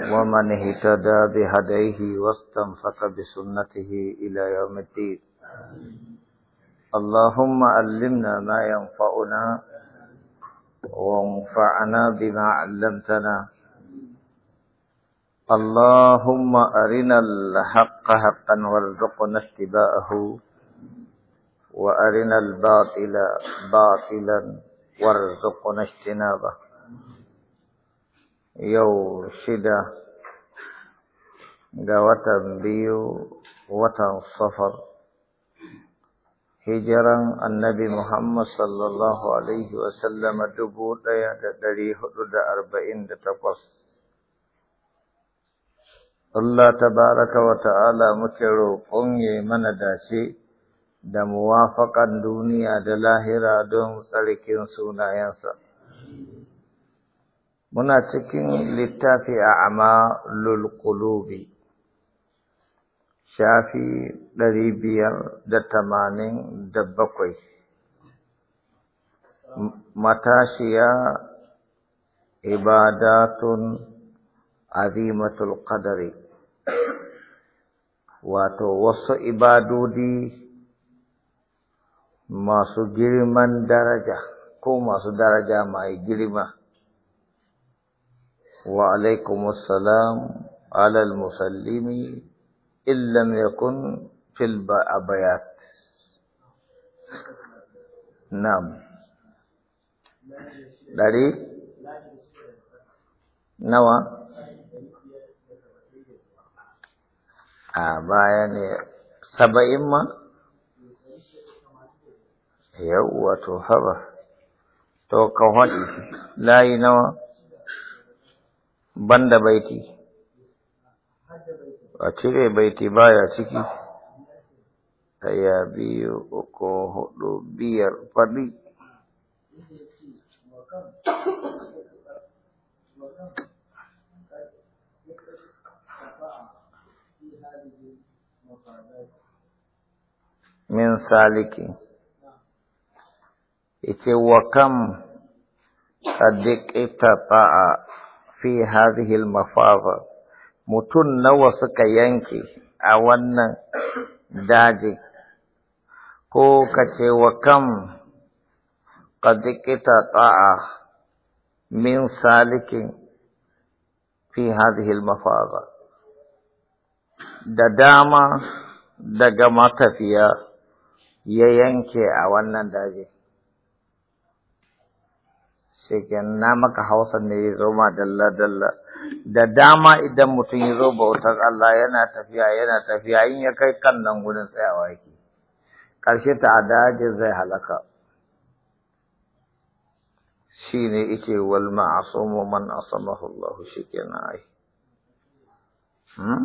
ومن اهتدى بهديه واستنفق بسنته إلى يوم الدين اللهم علمنا ما ينفعنا وانفعنا بما علمتنا اللهم أرنا الحق حقا وارزقنا اتباعه وأرنا الباطل باطلا وارزقنا اجتنابه yau shida ga watan biyu watan safar hijiran annabi Muhammad sallallahu Alaihi wasallama dubu ɗaya da ɗari hudu da arba'in da takwas. Allah ta baraka wa ta'ala muke roƙon ya mana dace da muwafaƙan duniya da lahira don tsarkin sunayensa. muna cikin littafi a amma lulkulubi shafi ɗari biyar da tamanin da bakwai matashiya ibadatun azimatul qadari wato wasu ibadodi masu girman daraja ko masu daraja mai girma وعليكم السلام على المسلم إن لم يكن في الأبيات نعم dari nawa a baya ne saba'in ma yawwa to haba to kan haɗi layi nawa banda baiti a cire baiti baya ciki ɗaya biyu uku hudu biyar faɗi min saliki ita wa kam ita ta'a في هذه المفاضة متن نوسك ينكي أون داجي كوكا وكم قد كتا طاعة من سالكي في هذه المفاضة دداما دقمات فيها ينكي أون داجي sai ke na maka hausa ne ya zo ma dalla dalla da dama idan mutum ya zo bautar Allah yana tafiya yana tafiya in ya kai kan nan gudun tsayawa yake ƙarshe ta adaje zai halaka shi shine yake wal ma'asumu man asamahu Allah shikenan ai hmm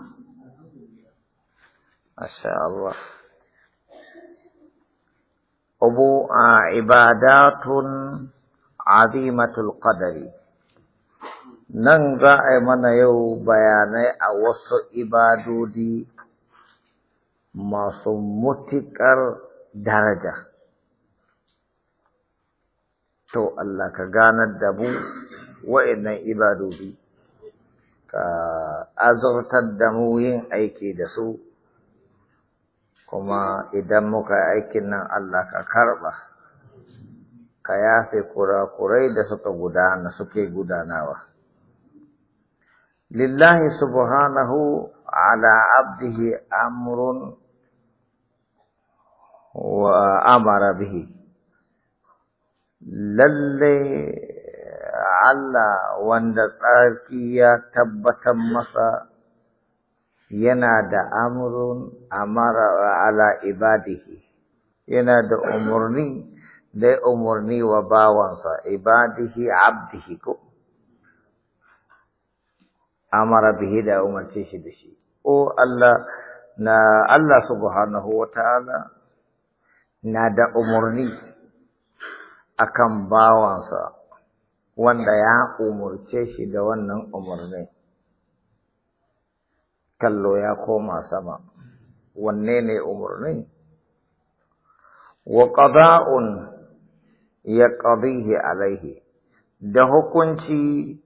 masha Allah abu ibadatun azimatul qadari nan za a yi mana yau bayanai a wasu ibadodi masu mutuƙar daraja to Allah ka ganar da mu wa'annan ibadodi ka azurtar da mu yin aiki da su kuma idan muka aikin nan Allah ka karɓa kayafe yafe kurakurai da suka gudana suke gudanawa lillahi subhanahu ala abdihi amrun wa amara bihi lalle Allah wanda tsarki ya tabbatar masa yana da amrun amara ala ibadihi yana da umarni dai umarni wa bawansa ibadihi abdihi ko amara bihi da umarce shi da shi o Allah na Allah subhanahu wa ta'ala na da umarni akan bawansa wanda ya umarce shi da wannan umarni kallo ya koma sama wanne ne umarnin wa qada'un ya ƙadihi alaihi da hukunci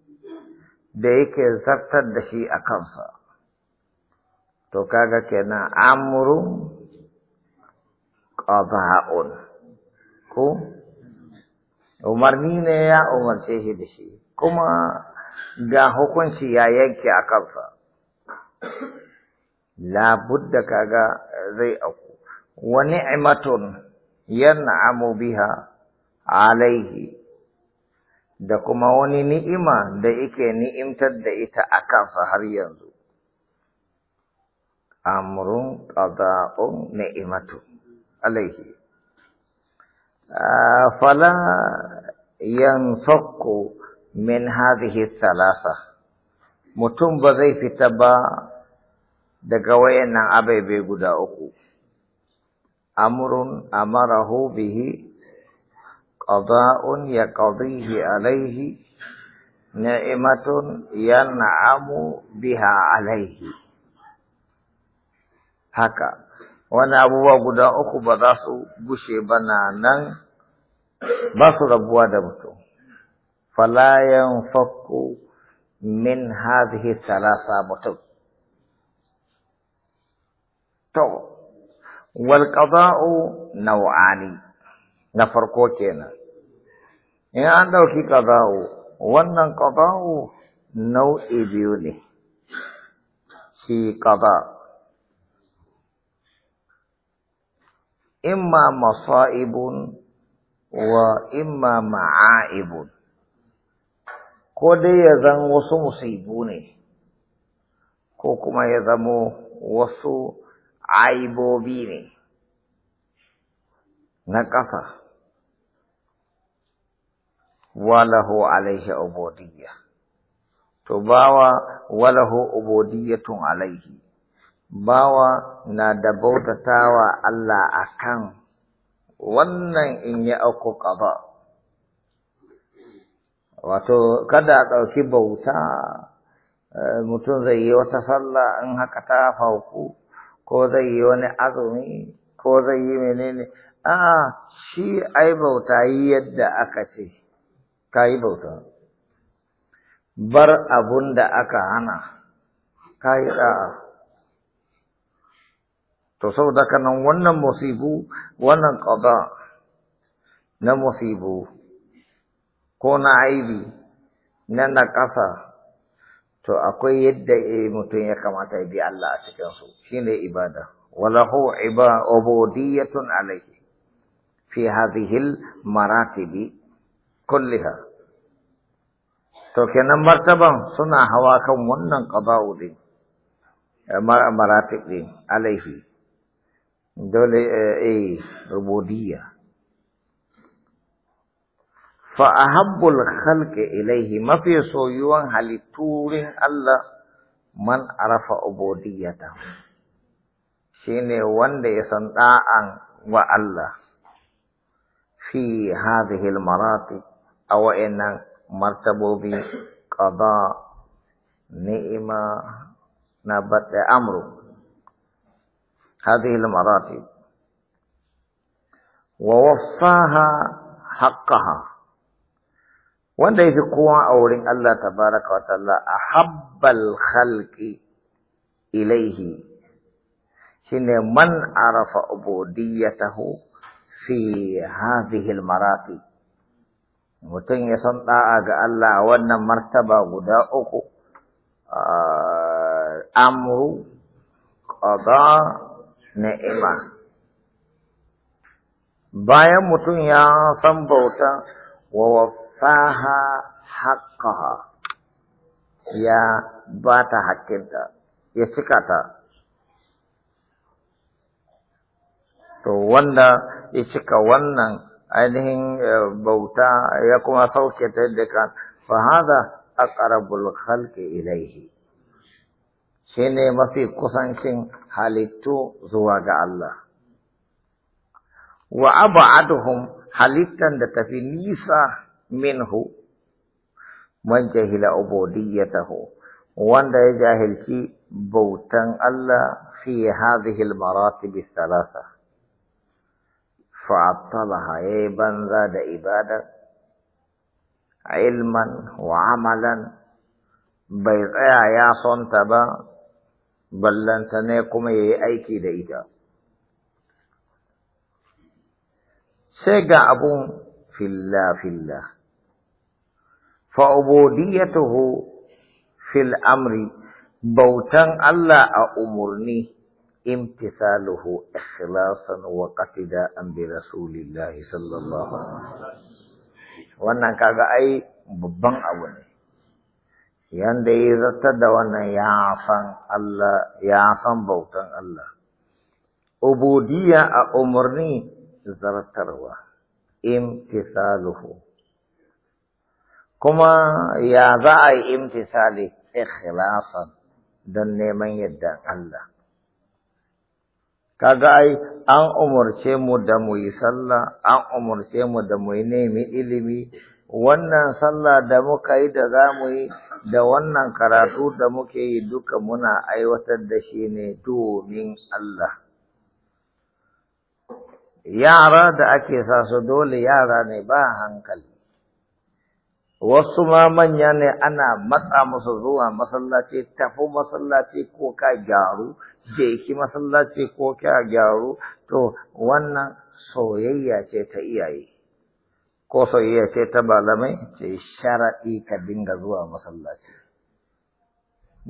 da yake zartar da shi a kansa. To kaga kenan amurun ƙaba'un, ko umarni ne ya umarce shi da shi kuma ga hukunci ya yanke a kansa. Labudda kaga zai auku. Wani imatun yana amu biha alaihi da kuma wani ni'ima da yake ni'imtar da ita a kansa har yanzu. Amrun ƙaza'un ni'imatu alaihi. Ah, fala yan sokko min hadhihi salasa mutum ba zai fita ba daga wayannan abaibai guda uku. Amrun amarahu bihi Kazaun ya ƙadaihi alaihi na imaton biha alaihi. Haka wani abubuwa guda uku ba za su bushe na nan. Ba su rabuwa da mutum. Falayen fok min haɗiye talasa mutum. Ta'u wal na wa'ani. Na farko kenan. in an ɗauki ƙaza'u wannan ƙaza'u nau'i biyu ne shi ƙaza imma masa'ibun wa imma ma'aibun ko dai ya zan wasu musibu ne ko kuma ya zamo wasu aibobi ne na ƙasa walahu alaihi ubudiyya to bawa walahu ubudiyyatun alaihi bawa na da bautatawa Allah akan wannan in ya auku qada wato kada a ɗauki bauta eh, mutum zai yi wata sallah in haka ta fauku ko zai yi wani azumi ko zai yi menene a shi ai bauta yi yadda aka ce kayi bauta bar abun da aka hana ka yi to saboda kanan wannan musibu wannan qada na musibu ko na aibi na naƙasa to akwai yadda eh, mutum ya kamata ya bi Allah a cikinsu shine ibada walahu ubudiyatun alayhi fi hadhihi al-maratibi kulliha to kenan martaban suna hawa kan wannan qada'u din eh, maratib din alaihi dole eh, eh rububiyya fa ahabbul khalqi ilaihi mafi soyuwan halitturin Allah man arafa ubudiyata shine wanda ya san da'an wa Allah fi hadhihi al-maratib او إن مرتبو بي قضاء نئما نبت امرو هذه المراتب ووفاها حقها وندي في قوة أولين الله تبارك وتعالى أحب الخلق إليه شن من عرف عبوديته في هذه المراتب mutum ya san da'a ga Allah a wannan martaba guda uku, amru, ƙada, ni'ima. Bayan mutum ya san bauta wa wafaha haƙƙaha, ya ba ta haƙƙinta, ya cika ta. To wanda ya cika wannan ainihin eh, bauta ya kuma sauke ta yadda ka fa hada aqrabul khalqi ilayhi shine mafi kusancin halittu zuwa ga Allah wa ab'aduhum halittan da tafi nisa minhu man jahila ubudiyyatahu wanda ya jahilci bautan Allah fi hadhihi al-maratib ath-thalatha fa'attalaha ya banza da a ilman wa amalan bai tsaya ya sonta ba ballanta ne kuma ya yi aiki da ita sai ga abun filla-filla fa'ubodiyatuhu fil amri bautan Allah a umarni امتثاله إخلاصا وقتدا برسول الله صلى الله عليه وسلم wannan kaga ai babban abu ne yanda ya zartar da wannan ya san Allah ya san bautan Allah ubudiyya a umarni zartarwa imtisaluhu kuma ya za a yi imtisali ikhlasan don neman yadda Allah kaga ai an umarce mu da mu yi sallah an umarce mu da mu nemi ilimi wannan sallah da muka yi da za mu yi da wannan karatu da muke yi duka muna aiwatar da shi ne domin Allah yara da ake sa su dole yara ne ba hankali wasu ma manya ne ana matsa musu zuwa masallaci tafi masallaci ko ka gyaru je ki masallaci ko kya gyaru to wannan soyayya ce ta iyaye ko soyayya ce ta malamai ce sharaɗi ka dinga zuwa masallaci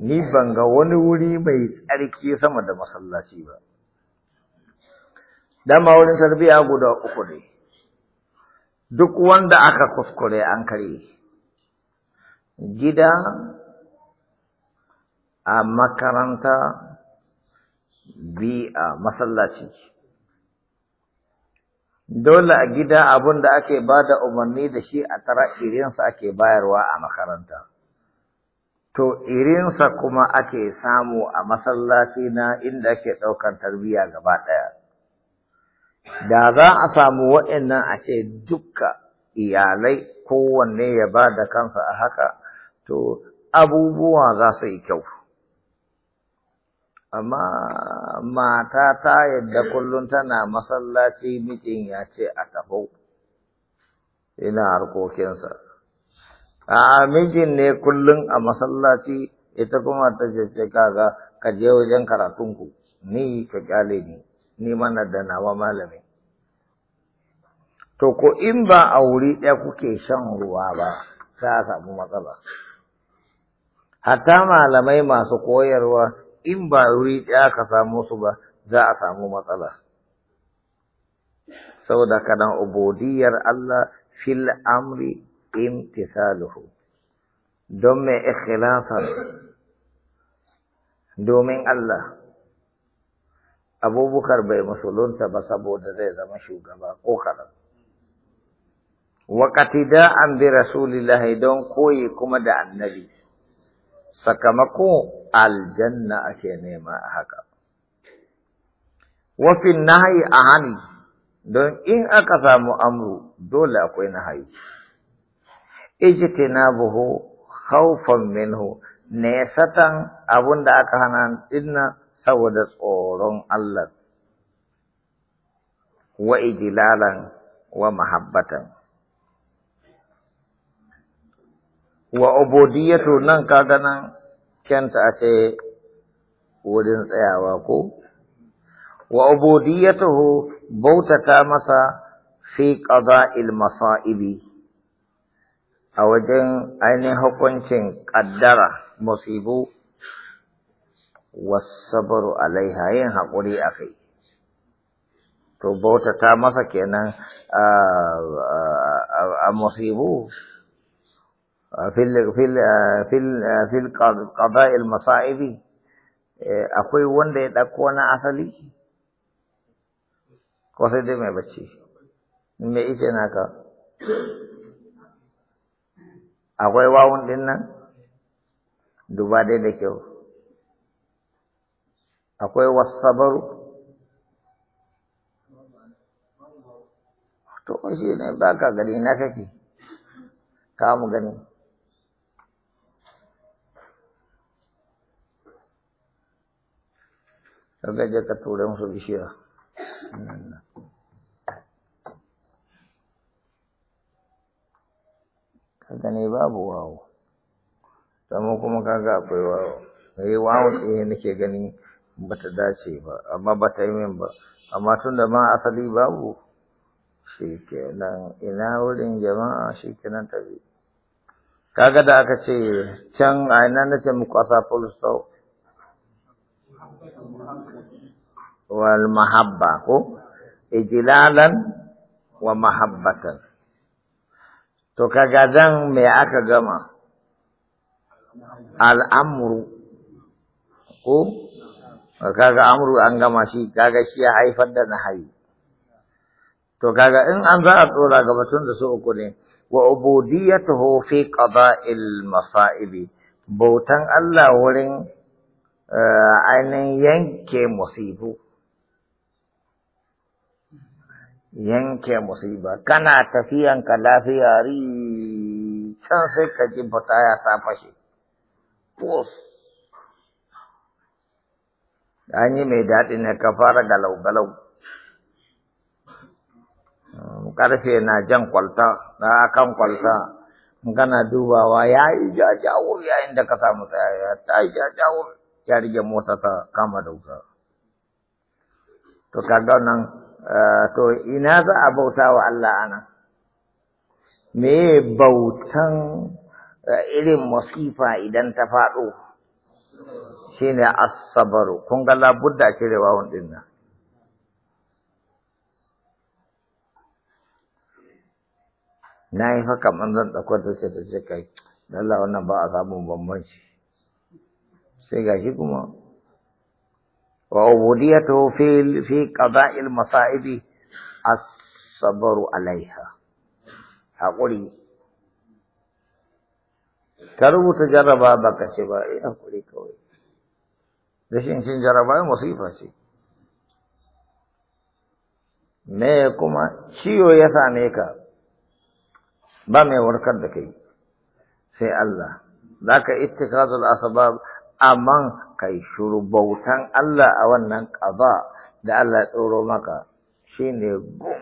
ni ban ga wani wuri mai tsarki sama da masallaci ba dama wurin tarbiya guda uku ne duk wanda aka kuskure an kare gida a makaranta bi a masallaci dole a gida abun da ake ba da umarni da shi a tara irinsa ake bayarwa a makaranta to irinsa kuma ake samu a masallaci na inda ake ɗaukar tarbiyya gaba ɗaya da za a samu waɗannan a ce dukka iyalai kowanne ya ba da kansa a haka to abubuwa za su yi kyau amma mata ta yadda kullum tana masallaci mijin ya ce a taho ina harkokinsa a mijin ne kullum a masallaci ita kuma ta ce kaga ka je wajen karatunku ni ka kyale ni ni mana da nawa malami to ko in ba a wuri ɗaya kuke shan ruwa ba ta samu matsala hatta malamai masu koyarwa in ba wuri ɗaya ka samu su ba za a samu matsala saboda kana ubudiyar Allah fil amri in tisaluhu. don mai ikhilasar domin Allah abubukar bai musulunta ba saboda zai zama shugaba ko karan wakati da an bi rasulillahi don koyi kuma da annabi sakamako aljanna ake nema a haka. Wafin nahayi a hani, don in aka samu amru dole akwai nahayi. Ijiti na buhu, haufan minhu, nesatan abun da aka hana dinna saboda tsoron Allah. Wa ijilalan wa mahabbatan. Wa ubudiyatu nan kaga nan kyanta a ce wurin tsayawa ko wa ubudiyatuhu bautata masa fi qada'il masa'ibi a wajen ainihin hukuncin ƙaddara musibu wasabaru alaiha yin haƙuri a kai to bautata masa kenan a musibu في ال في ال akwai wanda ya ɗauko na asali ko sai dai mai bacci me ishe naka akwai wawun ɗin duba dai da kyau akwai wasabaru to shi ne ba ka gani na kake ka mu gani sai ka je ka tura musu Kata ni babu wawo sannan kuma kaga akwai wawo mai wow ɗaya ni ke gani, bata dace ba amma ba ta yi min ba amma tun da ma asali babu shi ina wurin jama'a shi kenan tafi kaga da aka ce can a ina na ce muku asa full stop wal mahabba ko ijlalan wa mahabbatan to kaga zan me aka gama al'amru ko kaga amru an gama shi kaga shi ya haifar da nahayi to kaga in an za a tsora ga batun da su uku ne wa ubudiyatuhu fi qada'il masa'ibi bautan Allah wurin eh, ainihin yanke musibu yanke musiba kana tafiyanka lafiya ri can sai ka ji bataya ta fashe pos an yi mai daɗi ne ka fara galau-galau mm, ƙarfe na jan kwalta na kan kwalta gana dubawa ya yi jajawur yayin da ka samu tsaya ta yi jajawur ya rige mota ta kama dauka. To to kaga nan Eh, to ina za a bauta wa Allah ana me bautan eh, irin masifa idan ta faɗo shine as-sabaru kun ga labudda cire wawun nan na yi haka man zan da ta ce ta ce kai Allah wannan ba a samun bambanci sai gashi kuma Wa وعبوديته في في قضاء المصائب الصبر عليها haƙuri ka rubuta jarraba ba ka ce ba eh haƙuri kawai rashin cin jarraba musifa ce me kuma ciwo ya same ka ba mai warkar da kai sai Allah zaka ittikazul asbab amma kai shuru bautan Allah a wannan ƙaza da Allah tsoro maka shi ne gum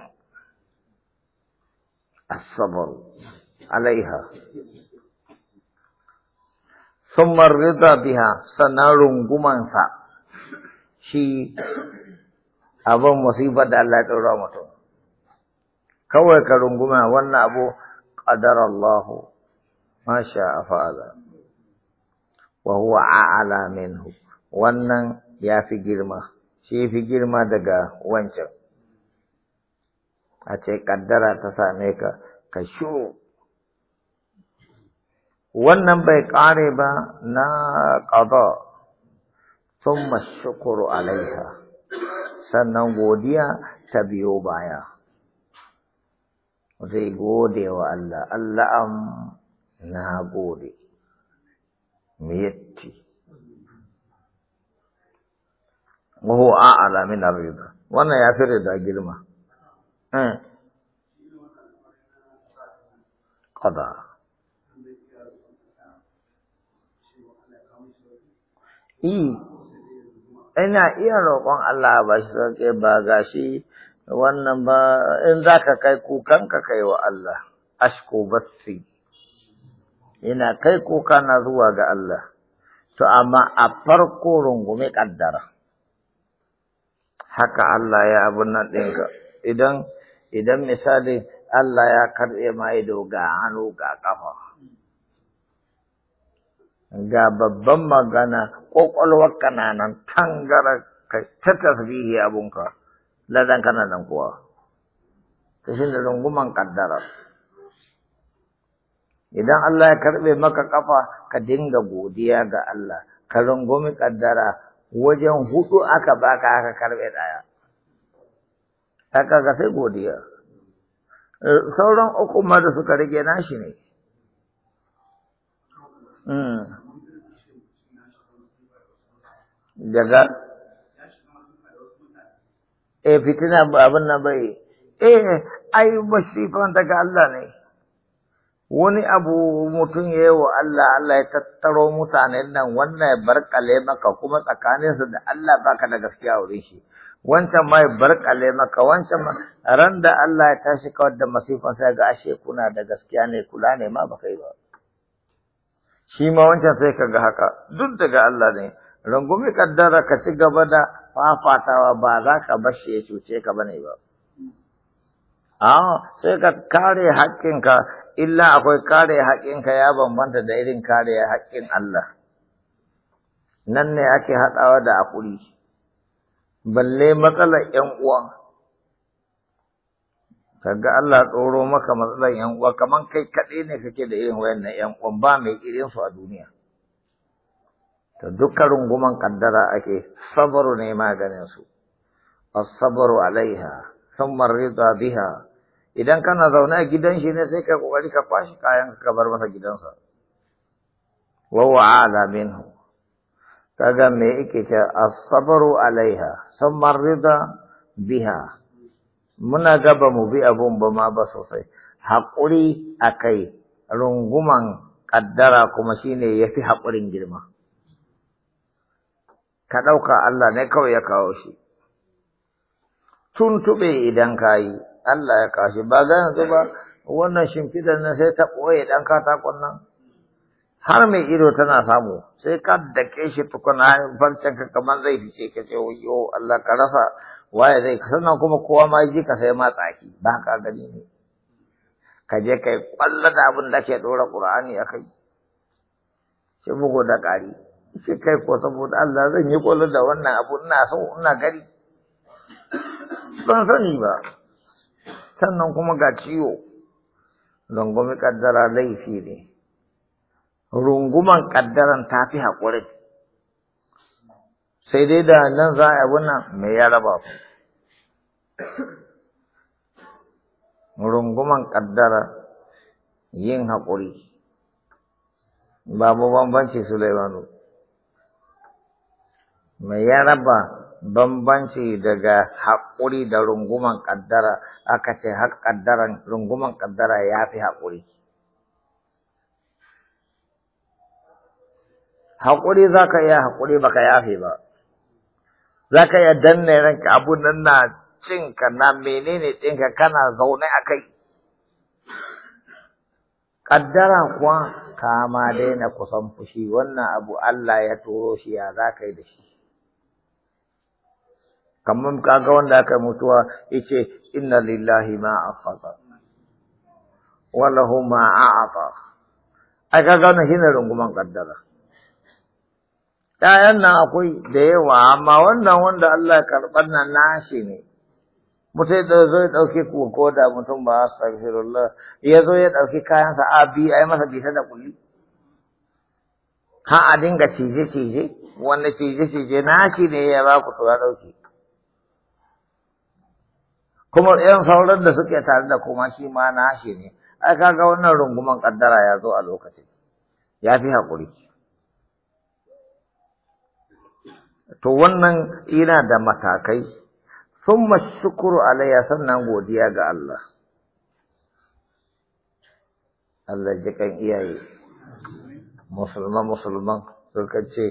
asabaru alaiha sun marrida biya sannan rungumansa shi abin musibar da Allah tsoro mutum. Kawai ka runguma wannan abu, ƙadar Allahu, masha a fa'ala. wa huwa a'ala minhu wannan ya fi girma shi fi girma daga wancan a ce kaddara ta same ka ka shu wannan bai kare ba na qada thumma shukuru alaiha sannan godiya ta biyo baya zai gode wa Allah Allah am na gode me yatti wahu a min ar-rida wannan ya fi rida girma hmm. qada i ina iya roƙon Allah ba shi sauke ba ga shi wannan ba in za ka kai kukan ka kai wa Allah ashko bassi Ina kai kuka na zuwa ga Allah to amma a farko rungume kaddara haka Allah ya abun nan ɗinka idan idan misali Allah ya karɓe mai ga hannu ga ƙafa ga babban magana ƙwaƙwalwar kananan tangara ka ta tasbihi abunka ladan kana kuwa ta shi da runguman kaddara idan Allah ya karɓe maka ƙafa ka dinga godiya ga Allah ka rungumi ƙaddara wajen hudu aka baka aka karɓe ɗaya aka ga sai godiya sauran uku ma da suka rage nashi ne hmm. daga e fitina abin nan bai eh ai masifan daga Allah ne wani abu mutum ya yi wa Allah Allah ya tattaro mutane nan wannan ya barkale maka kuma tsakaninsu da Allah baka da gaskiya wurin shi wancan ma ya barkale maka wancan ma ran da Allah ya tashi kawar da masifan sai ga ashe kuna da gaskiya ne kula ne ma baka yi ba shi ma wancan sai ka ga haka duk daga Allah ne rangumi kaddara ka ci gaba da fafatawa ba za ka bar shi ya cuce ka bane ba Ah, sai ka kare haƙƙinka illa akwai kare haƙƙinka ya bambanta da irin kare haƙƙin Allah nan ne ake haɗawa da haƙuri balle matsalar ‘yan uwa kaga Allah tsoro maka matsalar ‘yan uwa Kamar kai kaɗai ne kake da irin wayannan ‘yan uwan ba mai irin su a duniya ta dukkan runguman kaddara ake sabaru ne maganin su as-sabru alaiha thumma rida biha idan kana zaune a gidan shi ne sai ka kokari ka fashi kayan ka bar masa gidansa wa huwa a'la minhu kaga me yake ce as-sabru alaiha thumma rida biha muna gaba mu bi abun ba ma ba sosai haƙuri akai runguman kaddara kuma shine yafi haƙurin girma ka ɗauka Allah ne kawai ya kawo shi tuntuɓe idan kayi yi Allah ya kashi ba za yanzu ba wannan shimfidan nan sai ta ɓoye ɗan katakon nan har mai ido tana samu sai ka dake shi tukuna farcen ka kamar zai fice ka ce yo Allah ka rasa waye zai sannan kuma kowa ma ji ka sai ma tsaki ba ka gani ne ka je kai kwalla da abin da ke dora Qur'ani a kai sai bugu da ƙari shi kai ko saboda Allah zan yi kwallo da wannan abu ina so ina gari ban sani ba sannan kuma ga ciwo rungumi kaddara laifi ne runguman kaddaran ta fi haƙuri sai dai da nan za a nan mai ya raba ku runguman kaddara yin haƙuri babu bambanci sulaimanu mai ya raba bambanci daga haƙuri da runguman ƙaddara aka ce har runguman ƙaddara ya fi haƙuri. Haƙuri za ka iya haƙuri ba ka yafe ba, za ka iya danne ranka abu nan na cinka na menene ɗinka kana zaune a kai. Ƙaddara kuwa kama daina kusan fushi wannan abu Allah ya turo shi ya za ka yi da shi. kamar kaga wanda aka mutuwa yace inna lillahi ma akhadha wa lahu ma a'ata ai kaga wannan shine runguman kaddara Ɗayan nan akwai da yawa, amma wannan wanda Allah karɓar nan nashi ne, Mutai da zo ya ɗauki ko da mutum ba astaghfirullah ya zo ya ɗauki kayansa a biyu a yi masa bisa da kulli ha a dinga cije cije wanda cije cije nashi ne ya ba ku tura ɗauki kuma yan sauran da suke tare da kuma shi ma na shi ne ai kaga wannan runguman kaddara ya zo a lokacin ya fi haƙuri to wannan ina da matakai sun shukuru alayya sannan godiya ga Allah Allah ji kan iyaye musulman musulman sun ce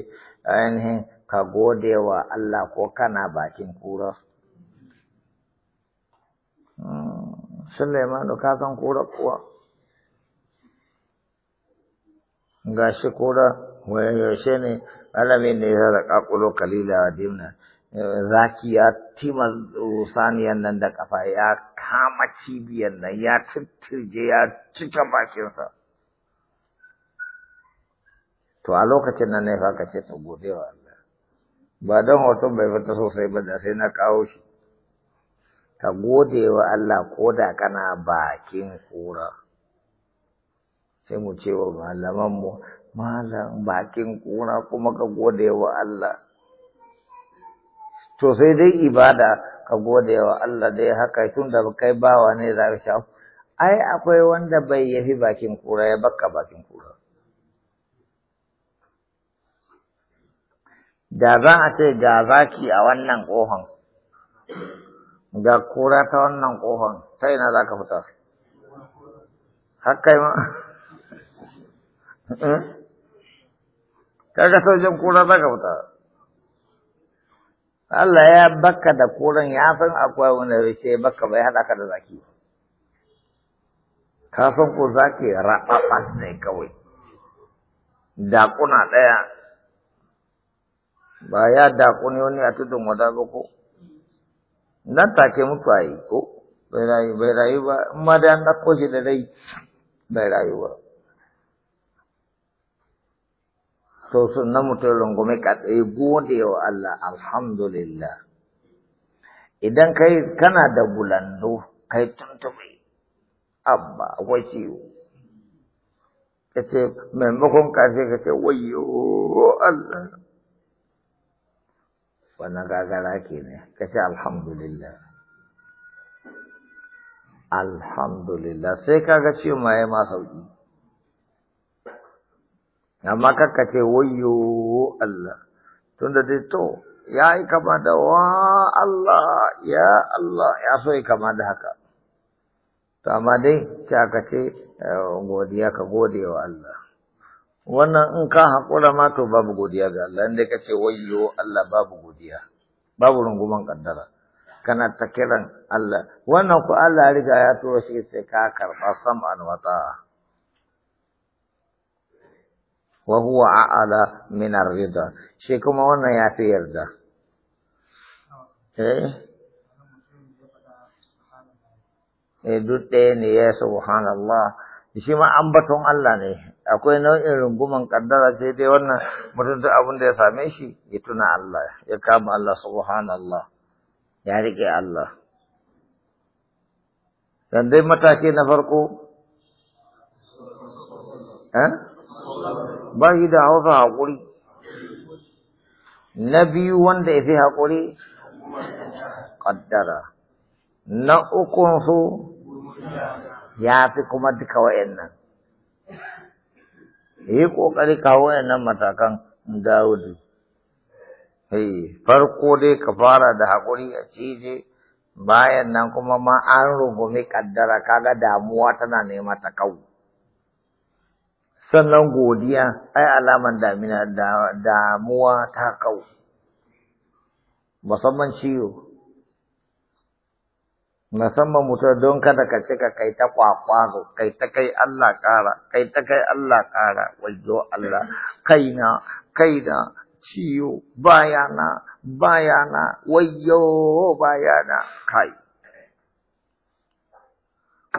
ainihin ka gode wa Allah ko kana bakin kura Sulaimanu ka san kura kuwa Ga shi kura wani yaushe ne alamin ne ya da kakulo kalila dimna zaki ya tima saniyan nan da kafa ya kama cibiyan nan ya tutturje ya cika bakinsa to a lokacin nan ne fa ka ce ta gode wa Allah ba don hoton bai fita sosai ba da sai na kawo shi ka gode wa Allah ko da kana bakin kura sai mu ce wa malamanmu malam bakin kura kuma ka gode wa Allah to sai dai ibada ka gode wa Allah dai haka tun da kai bawa ne za ka shafu ai akwai wanda bai yafi bakin kura ya baka bakin kura da za a ce ga zaki a wannan kohon. ga kura ta wannan kofan ta ina za ka fita Hakkai ma eh? kaga sojan kura za ka fita Allah ya baka da kuran ya san akwai wani sai baka bai haɗa ka da zaki ka san ko zaki raɓaɓas ne kawai dakuna ɗaya ba ya dakuni wani a tudun wada ba ko nan take mutu a yi ko bai rayu bai rayu ba in ma da an ɗauko shi da rai bai rayu ba to na mutum rungume ka tsaye gode wa Allah alhamdulillah idan kai kana da bulando kai tuntube abba akwai ciwo ka ce maimakon ka ce ka ce wayo Allah wannan gagara ke ne ka ce alhamdulillah alhamdulillah sai kaga ce ma ya ma sauki amma kakka ce wayyo Allah tunda dai to ya yi kama da wa Allah ya Allah ya so yi kama da haka to amma dai sai aka ce eh, godiya ka gode wa Allah wannan in ka haƙura ma to babu godiya ga Allah inda ka ce wayyo Allah babu godiya babu runguman kaddara kana ta kiran Allah wannan ku Allah riga ya tura shi sai ka karɓa sam an wata. wa huwa a'ala min ar rida shi kuma wannan ya fi yarda eh eh duk ɗaya ne ya subhanallah shi ma baton Allah ne akwai nau'in runguman kaddara sai dai wannan mutum duk abin da ya same shi ya tuna Allah ya kama Allah subhanallah ya rike Allah dan dai mataki na farko eh ba yi da hausa haƙuri na biyu wanda ya fi haƙuri kaddara na ukunsu ya fi kuma duka nan. yi ƙoƙari kawo nan matakan dawudu farko dai ka fara da haƙuri a cije bayan nan kuma ma an rungumi ƙaddara kaga damuwa tana nema ta kawo sannan godiya ai alaman damina damuwa ta kawo. musamman ciwo musamman mutum don kada ka cika kai ta kwakwaro kai ta kai Allah ƙara kai ta kai Allah ƙara wajo Allah kaina kaina ciwo bayana bayana wayo bayana kai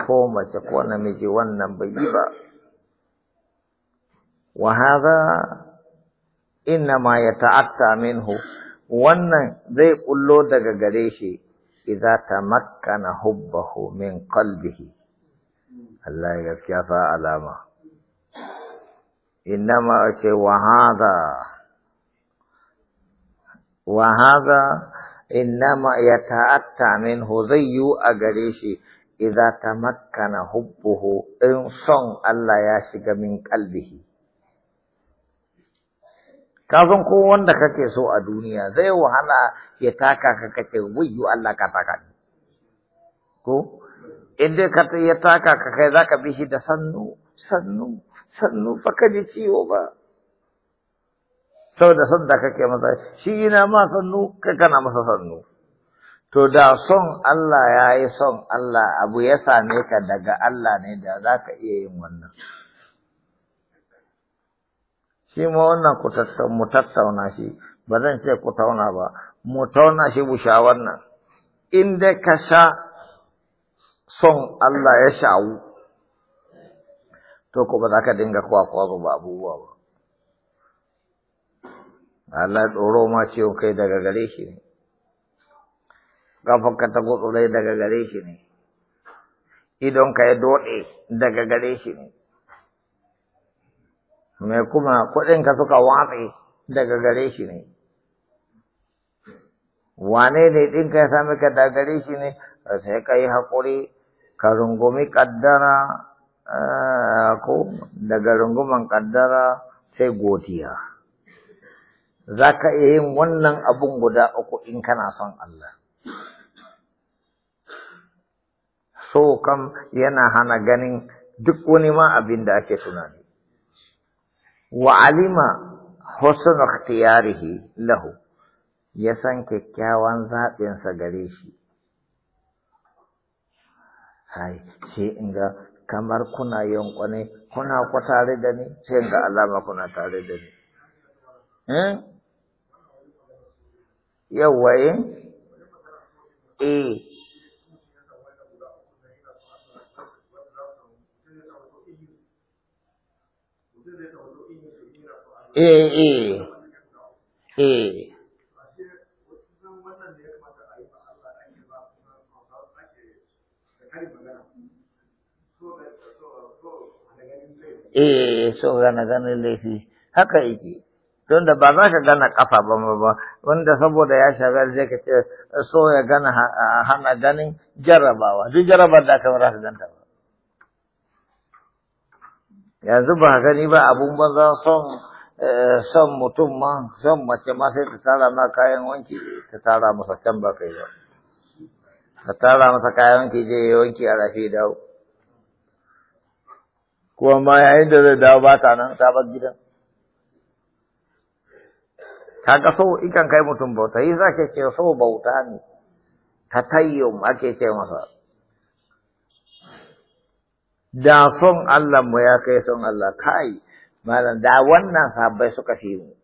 ko mace ko namiji wannan bai yi ba wa hadha inna ma yata'atta minhu wannan zai kullo daga gare shi إذا تمكن حبه من قلبه الله يكفيها علامة إنما أتي وهذا وهذا إنما يتأتى منه زي أجريشي إذا تمكن حبه إن صن الله يشق من قلبه ka san ko wanda kake so a duniya zai wahala ya taka ka kace wayyo Allah ka taka ni ko in dai ka ya taka ka kai zaka bi shi da sannu sannu sannu fa ka ji ciwo ba saboda son da kake masa shi yana ma sannu ka kana masa sannu to da son Allah ya yi son Allah abu ya same ka daga Allah ne da zaka iya yin wannan shi ma wannan mu tattauna shi ba zan ce ku tauna ba mu tauna shi mu sha wannan in dai ka sha son Allah ya sha'u to ko ba za ka dinga kwakwa ba abubuwa ba Allah tsoro ma ciwon kai daga gare shi ne gafanka ta gutsurai daga gare shi ne ka ya doɗe daga gare shi ne mai kuma ka suka watsi daga gare shi ne wane ne ɗinka ya sami ka daga gare shi ne sai ka yi haƙuri ka rungumi ƙaddara eh, ko daga runguman ƙaddara sai godiya za ka iya yin wannan abun guda uku in kana son Allah so kam yana hana ganin duk wani ma abin da ake tunani وعلم حسن اختياره ya يسن كيكاوان ذات gare shi. sai shi inga kamar kuna yankwane kuna kwa tare da ni sai ga alama kuna tare da ni hmm? eh yawaye eh eh eh eh eh so gana gani laifi haka yake don da ba za ka gana kafa ba ba wanda saboda ya shagar zai ka ce so ya gana hana ganin jarrabawa duk jarrabar da aka mara su ganta ba yanzu ba gani ba abun banza son Eh, son mutum ma son mace ma sai ta tara ma kayan wanki ta tara masa can ba kai ba ta tara masa kayan wanki je ya wanki a rafi dawo kuma ma yayin da zai dawo ba ta nan ta bar gidan ga so ikan kai mutum bauta yi ke ce so bauta ne tayyum ake ce masa da son Allah mu ya kai son Allah kai malam da wannan sahabbai suka fi mu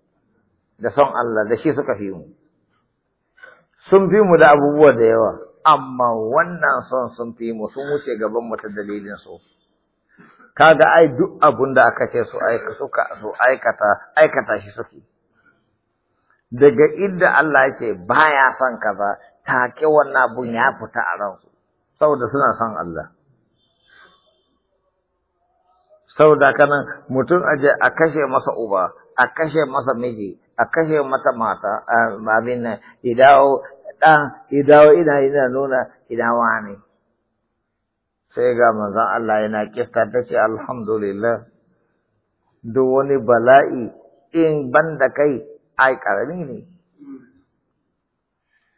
da son Allah da shi suka fi mu sun fi mu da abubuwa da yawa amma wannan son sun fi mu sun wuce gaban mu ta dalilin su kaga ai duk abun da aka ce su aika suka su aikata aikata shi suke daga inda Allah yake baya son kaza take wannan abun ya fita a ransu saboda suna son Allah saboda kana mutum aje a kashe masa uba a kashe masa miji a kashe mata mata babin nan idawo dan idawo ina ina nuna idawa ne sai ga manzon Allah yana kifta ta ce alhamdulillah duk wani bala'i in banda kai ai karami ne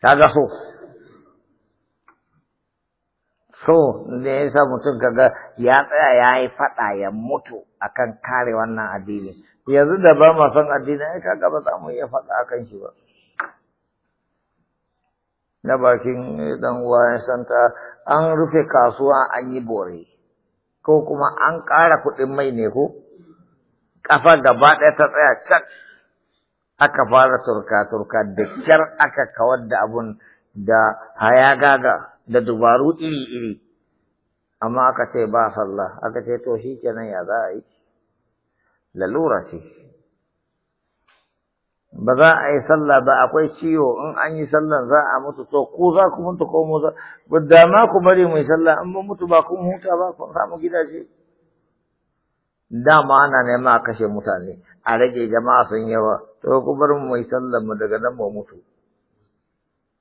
ta so So, da ya sa mutum kaga ya tsaya ya yi faɗa ya mutu akan kare wannan addini. Yanzu da ba ma son addini, ai kaga ba za mu iya faɗa kan shi ba. Na bakin ɗan uwa ya santa an rufe kasuwa an yi bore, ko kuma an ƙara kuɗin mai ne ko? Ƙafa gaba ɗaya ta tsaya can. Aka fara turka-turka da kyar aka kawar da abun da haya gaga. da dubaru iri-iri amma aka ce ba sallah aka ce to shi kenan ya za a yi lalura ce ba za a yi sallah ba akwai ciwo in an yi sallah za a mutu to ko za ku mutu ko mu za da dama ku bari mu yi sallah in ba mutu ba kun huta ba kun samu gidaje dama ana nema a kashe mutane a rage jama'a sun yawa to ku bar mu yi sallar mu daga nan mu mutu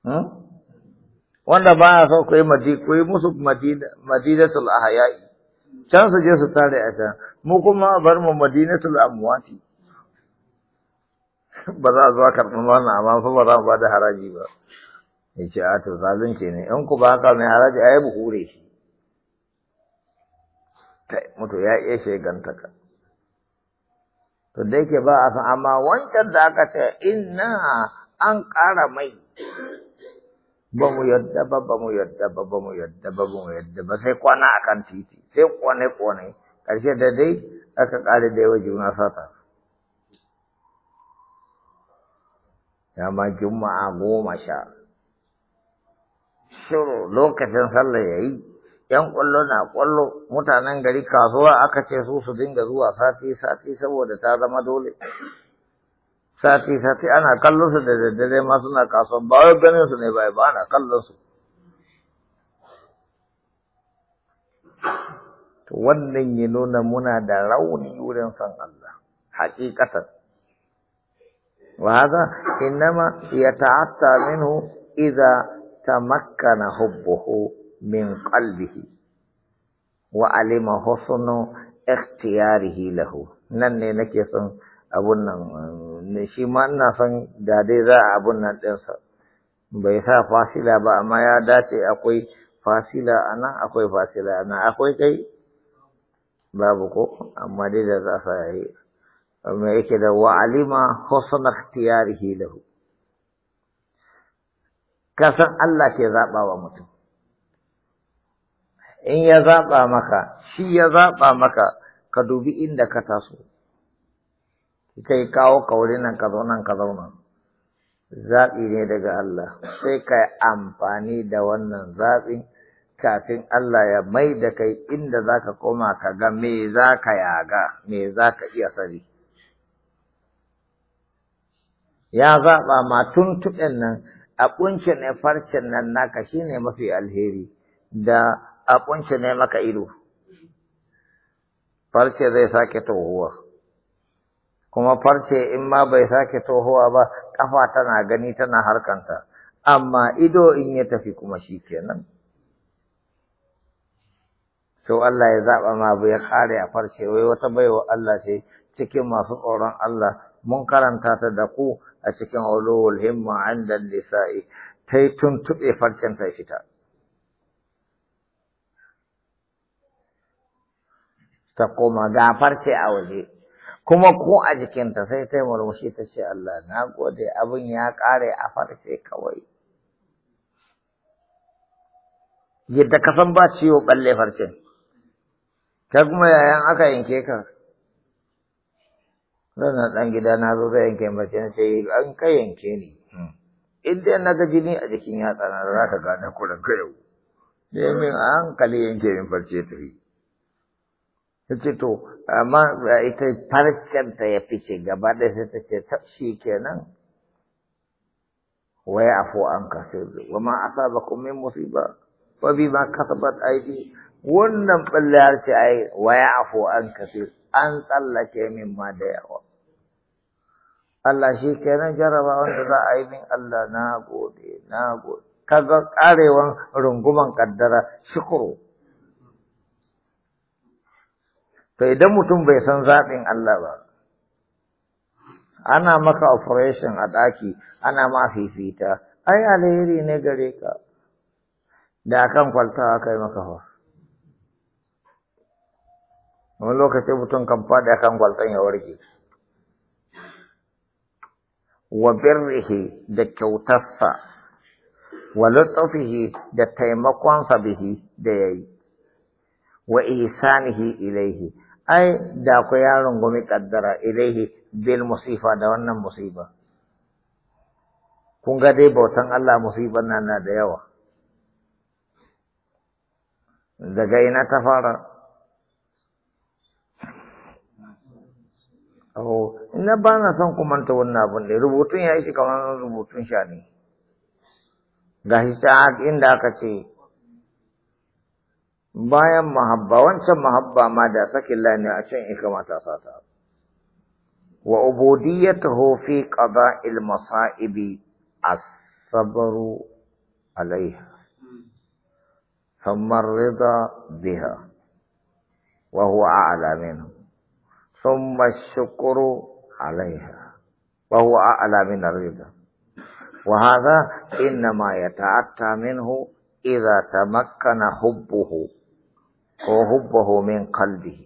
hmm? wanda ba so kai yi madi ku yi madinatul ahya'i can su je su tare a can mu kuma bar mu madinatul amwati ba za a zuwa karɓar wannan amma fa ba za mu bada haraji ba ya ce a to zalunci ne in ku ba haka mai haraji a yi hure, shi kai mutu ya iya shegantaka to da yake ba a san amma wancan da aka ce inna an ƙara mai ba mu yadda ba ba mu yadda ba ba mu yadda ba ba mu yadda ba sai kwana akan titi sai kwane kwane ƙarshe da dai aka ƙare da yawa juna sata ya ma juma'a goma sha shiru lokacin sallah ya yi yan kwallo na kwallo mutanen gari kasuwa aka ce su su dinga zuwa sati sati saboda ta zama dole sati sati ana kallon su da daddare ma suna kasuwa ba wai ganin su ne ba, ba ana kallon su to wannan ya nuna muna da rauni wurin son Allah haqiqatan wa hada innama yata'atta minhu idza tamakkana hubbuhu min qalbihi wa alima husnu ikhtiyarihi lahu nan ne nake son abun nan ne shi ma ina son da dai za a abun nan ɗinsa bai sa fasila ba amma ya dace akwai fasila a nan akwai fasila a nan akwai kai babu ko amma dai da za sa yi amma yake da wa'alima husna ikhtiyarihi lahu san Allah ke zaɓa wa mutum in ya zaɓa maka shi ya zaɓa maka ka dubi inda ka taso sai kawo kauri nan ka nan ka zauna zaɓi ne daga Allah sai ka amfani da wannan zaɓi kafin Allah ya mai da kai inda za ka koma ka ga me za ka yaga me za ka iya sari ya zaɓa ma tuntuɓen nan a ƙunce ne farcen nan naka shi ne mafi alheri da a ƙunce ne maka ido farce zai sake tohuwa. kuma farce in ma bai sake tohowa ba ƙafa tana gani tana harkanta amma ido in ya tafi kuma shi kenan so Allah ya zaɓa ma abu ya ƙare a farce wai wata baiwa Allah sai cikin masu tsoron Allah mun karanta ta da ku a cikin ulul himma inda nisa'i ta yi tuntuɓe farcen ta fita ta koma ga farce a waje kuma ko a jikinta sai ta murmushi ta ce Allah na gode abin ya ƙare a farce kawai yadda ka san ba ciwo ɓalle farcen ta kuma yayan aka yanke ka zan ɗan gida na zo zai yanke mace na ce eh, an ka yanke ni hmm. in dai na ga jini a jikin yatsa na za ka gane kurin ka yau sai min a hankali yanke min farce ta yi yace to amma ita ta ya fice gaba ɗaya sai ta ce ta shi kenan waya afu an kasir wa ma asabakum min musiba fa bima kasabat aidi wannan ballar ce ai waya afu an kasir an tsallake min ma da yawa Allah shi kenan jaraba wanda za a yi min Allah na gode na gode kaga karewan runguman kaddara shukuru To idan mutum bai san zaɓin Allah ba, ana maka operation a ɗaki, ana ma fifita, ai alheri ne gare ka, da kan kwaltawa kai maka fa. Wani lokaci mutum kan faɗi akan kwaltan ya warke. Wa birrihi da kyautarsa, wa lutsufihi da taimakonsa bihi da yayi, wa isanihi ilaihi. ai da ku yaron gumi kaddara ilaihi bil musifa da wannan musiba kun ga dai bautan Allah musiban nan na da yawa daga ina ta fara oh ina ba na son ku manta wannan abun da rubutun ya yi shi kamar rubutun Shani. ne ga shi inda aka ce bayan mahabba wancan mahabba ma da sakin ne a can ikamata sata wa ubudiyyatuhu fi qada'il masa'ibi as-sabru alaiha thumma ar-ridha biha wa huwa a'la minhu thumma ash-shukru alaiha wa huwa a'la min ar-ridha wa hadha inma yata'atta minhu idza tamakkana hubbuhu ko hubbahu min qalbihi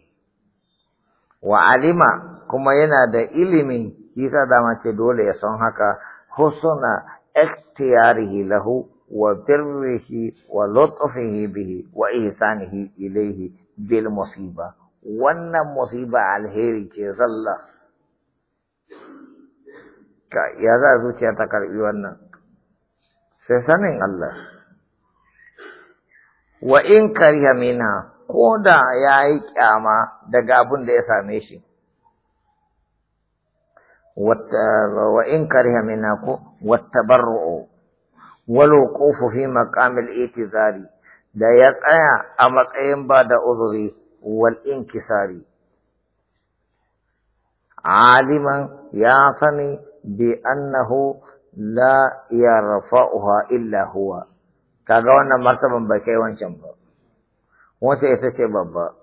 wa alima kuma yana da ilimi yasa da ce dole ya san haka husuna ikhtiyarihi lahu wa birrihi wa lutfihi bihi wa ihsanihi ilayhi bil musiba wannan musiba alheri ce zalla ka ya za zuciya ta karbi wannan sai sanin Allah wa in kariha minha ko da ya yi ƙyama daga abin da ya same shi. Wa in kariha mina ko wata barro'o, walo ƙofu fi itizari da ya tsaya a matsayin ba da uzuri wal in kisari Aliman ya sani bi annahu la yarfa'uha illa huwa. Kaga wannan martaban bai kai wancan ba. wace ita ce babba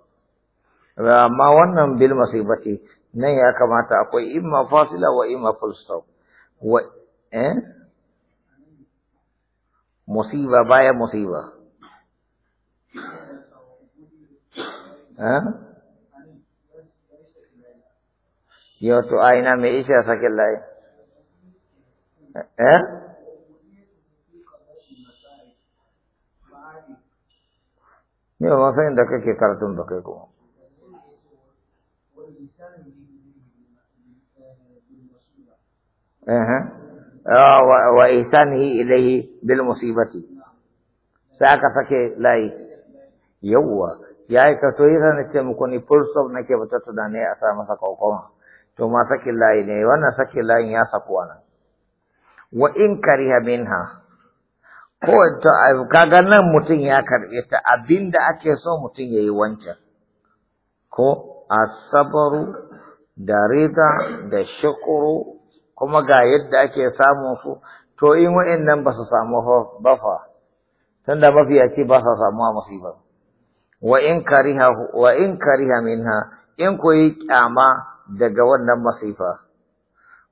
amma wannan bil masibati nan ya kamata akwai imma fasila wa imma full stop wa eh musiba baya musiba eh yau to aina mai isha sakin layi eh ne ba san da kake karatun ba kai kuma wa ihsanihi ilayhi bil musibati sai aka sake layi yawwa ya yi kaso yi sana ce muku ni full stop nake fita tunani a sa masa kokoma to sakin layi ne wannan sakin layin ya saku anan wa in kariha minha kowace kaga nan mutum ya karɓe ta abinda ake so mutum ya yi wancan ko asabaru da rida da shukuru kuma ga yadda ake samun su to in wa'annan ba su samu ba fa tunda mafiya ce ba sa samu musiba wa in kariha wa in kariha minha in koyi kyama daga wannan masifa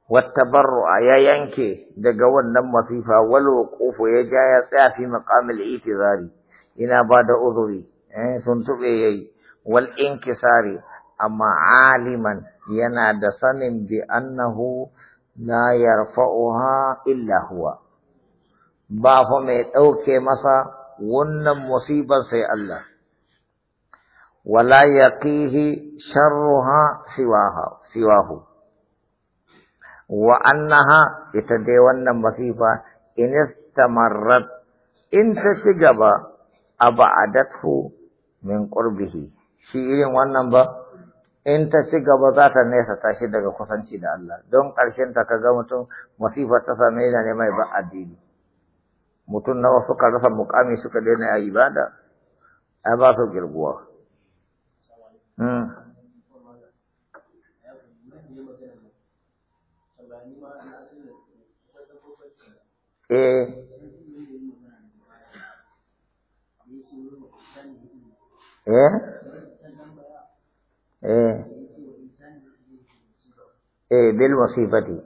والتبرع يا ينكي دقوان نم فيفا والوقوف يجا يطيع في مقام الاعتذار إنا بعد أذري إيه سنتبه والانكسار أما عالما يناد سن بأنه لا يرفعها إلا هو بافو ميت أوكي مسا ونم مصيبة سي الله ولا يقيه شرها سواها سواه wa annaha ita dai wannan masifa in istamarrat in ta ci gaba abadathu min qurbihi shi irin wannan ba in ta ci gaba za ta nesa ta shi daga kusanci da Allah don ƙarshen ta ga mutum masifar ta same ne mai ba addini mutum nawa suka rasa mukami suka daina ibada a ba su girguwa hmm. eh eh eh eh bil wasifati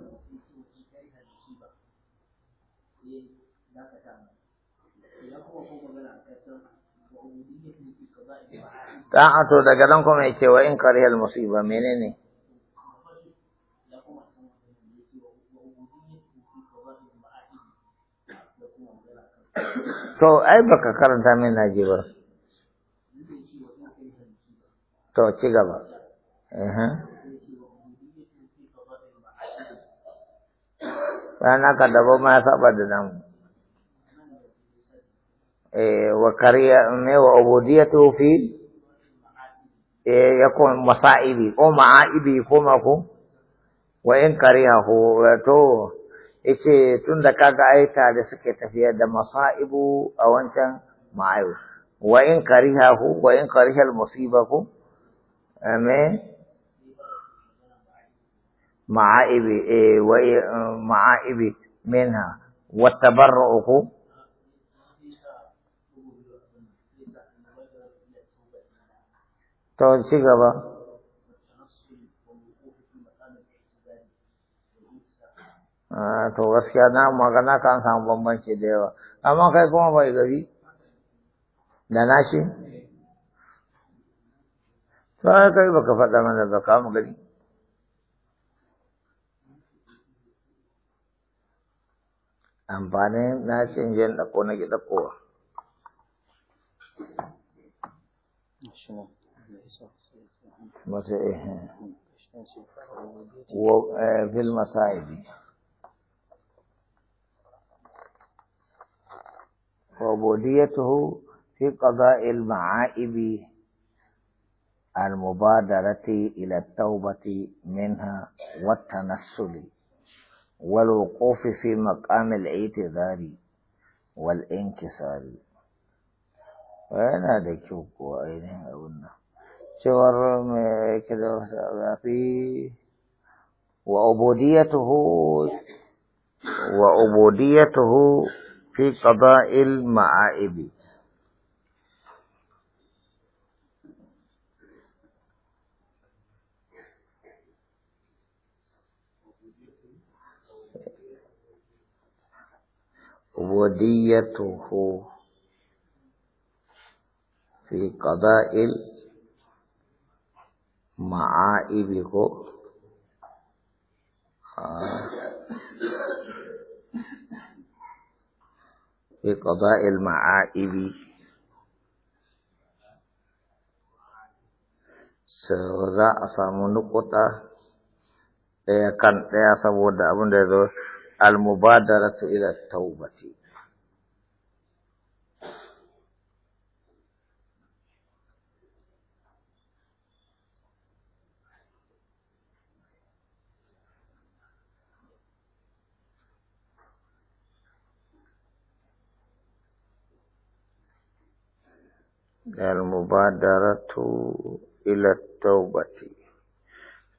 ta'atu daga nan kuma yake wa in karihal musiba menene To, ai baka karanta min naji ba. To, ci gaba. Rana ka dabo ma ya saba da namu. Eh, wa kariya ne wa ubudiyatu fi eh, yakun masa'ibi ko ma'aibi ko mako wa in kariya ko to yace tun da kaga ai da suke tafiya da masaibu a wancan ma'ayu wa in karihahu wa in karihal musibaku ame ma'aibi eh wa ma'aibi minha wa tabarru'uku to ci gaba Ah, to gaskiya na magana kan samu bambanci da yawa amma kai kuma bai gari da nashi to kai baka faɗa mana ba ka mu gari amfanin na ce in je in na ki ɗaukowa وفي المصائب eh, eh. وعبوديته في قضاء المعائب المبادرة إلى التوبة منها والتنسل والوقوف في مقام الاعتذار والانكسار وأنا ذلك وأينه أولنا شوار mai في وعبوديته وعبوديته في قضاء المعائب وديته في قضاء المعائب fi qada'il ma'aibi so za a samu nukuta ɗaya kan ɗaya saboda abin da ya zo al-mubadaratu ila taubati mubadaratu ila التوبة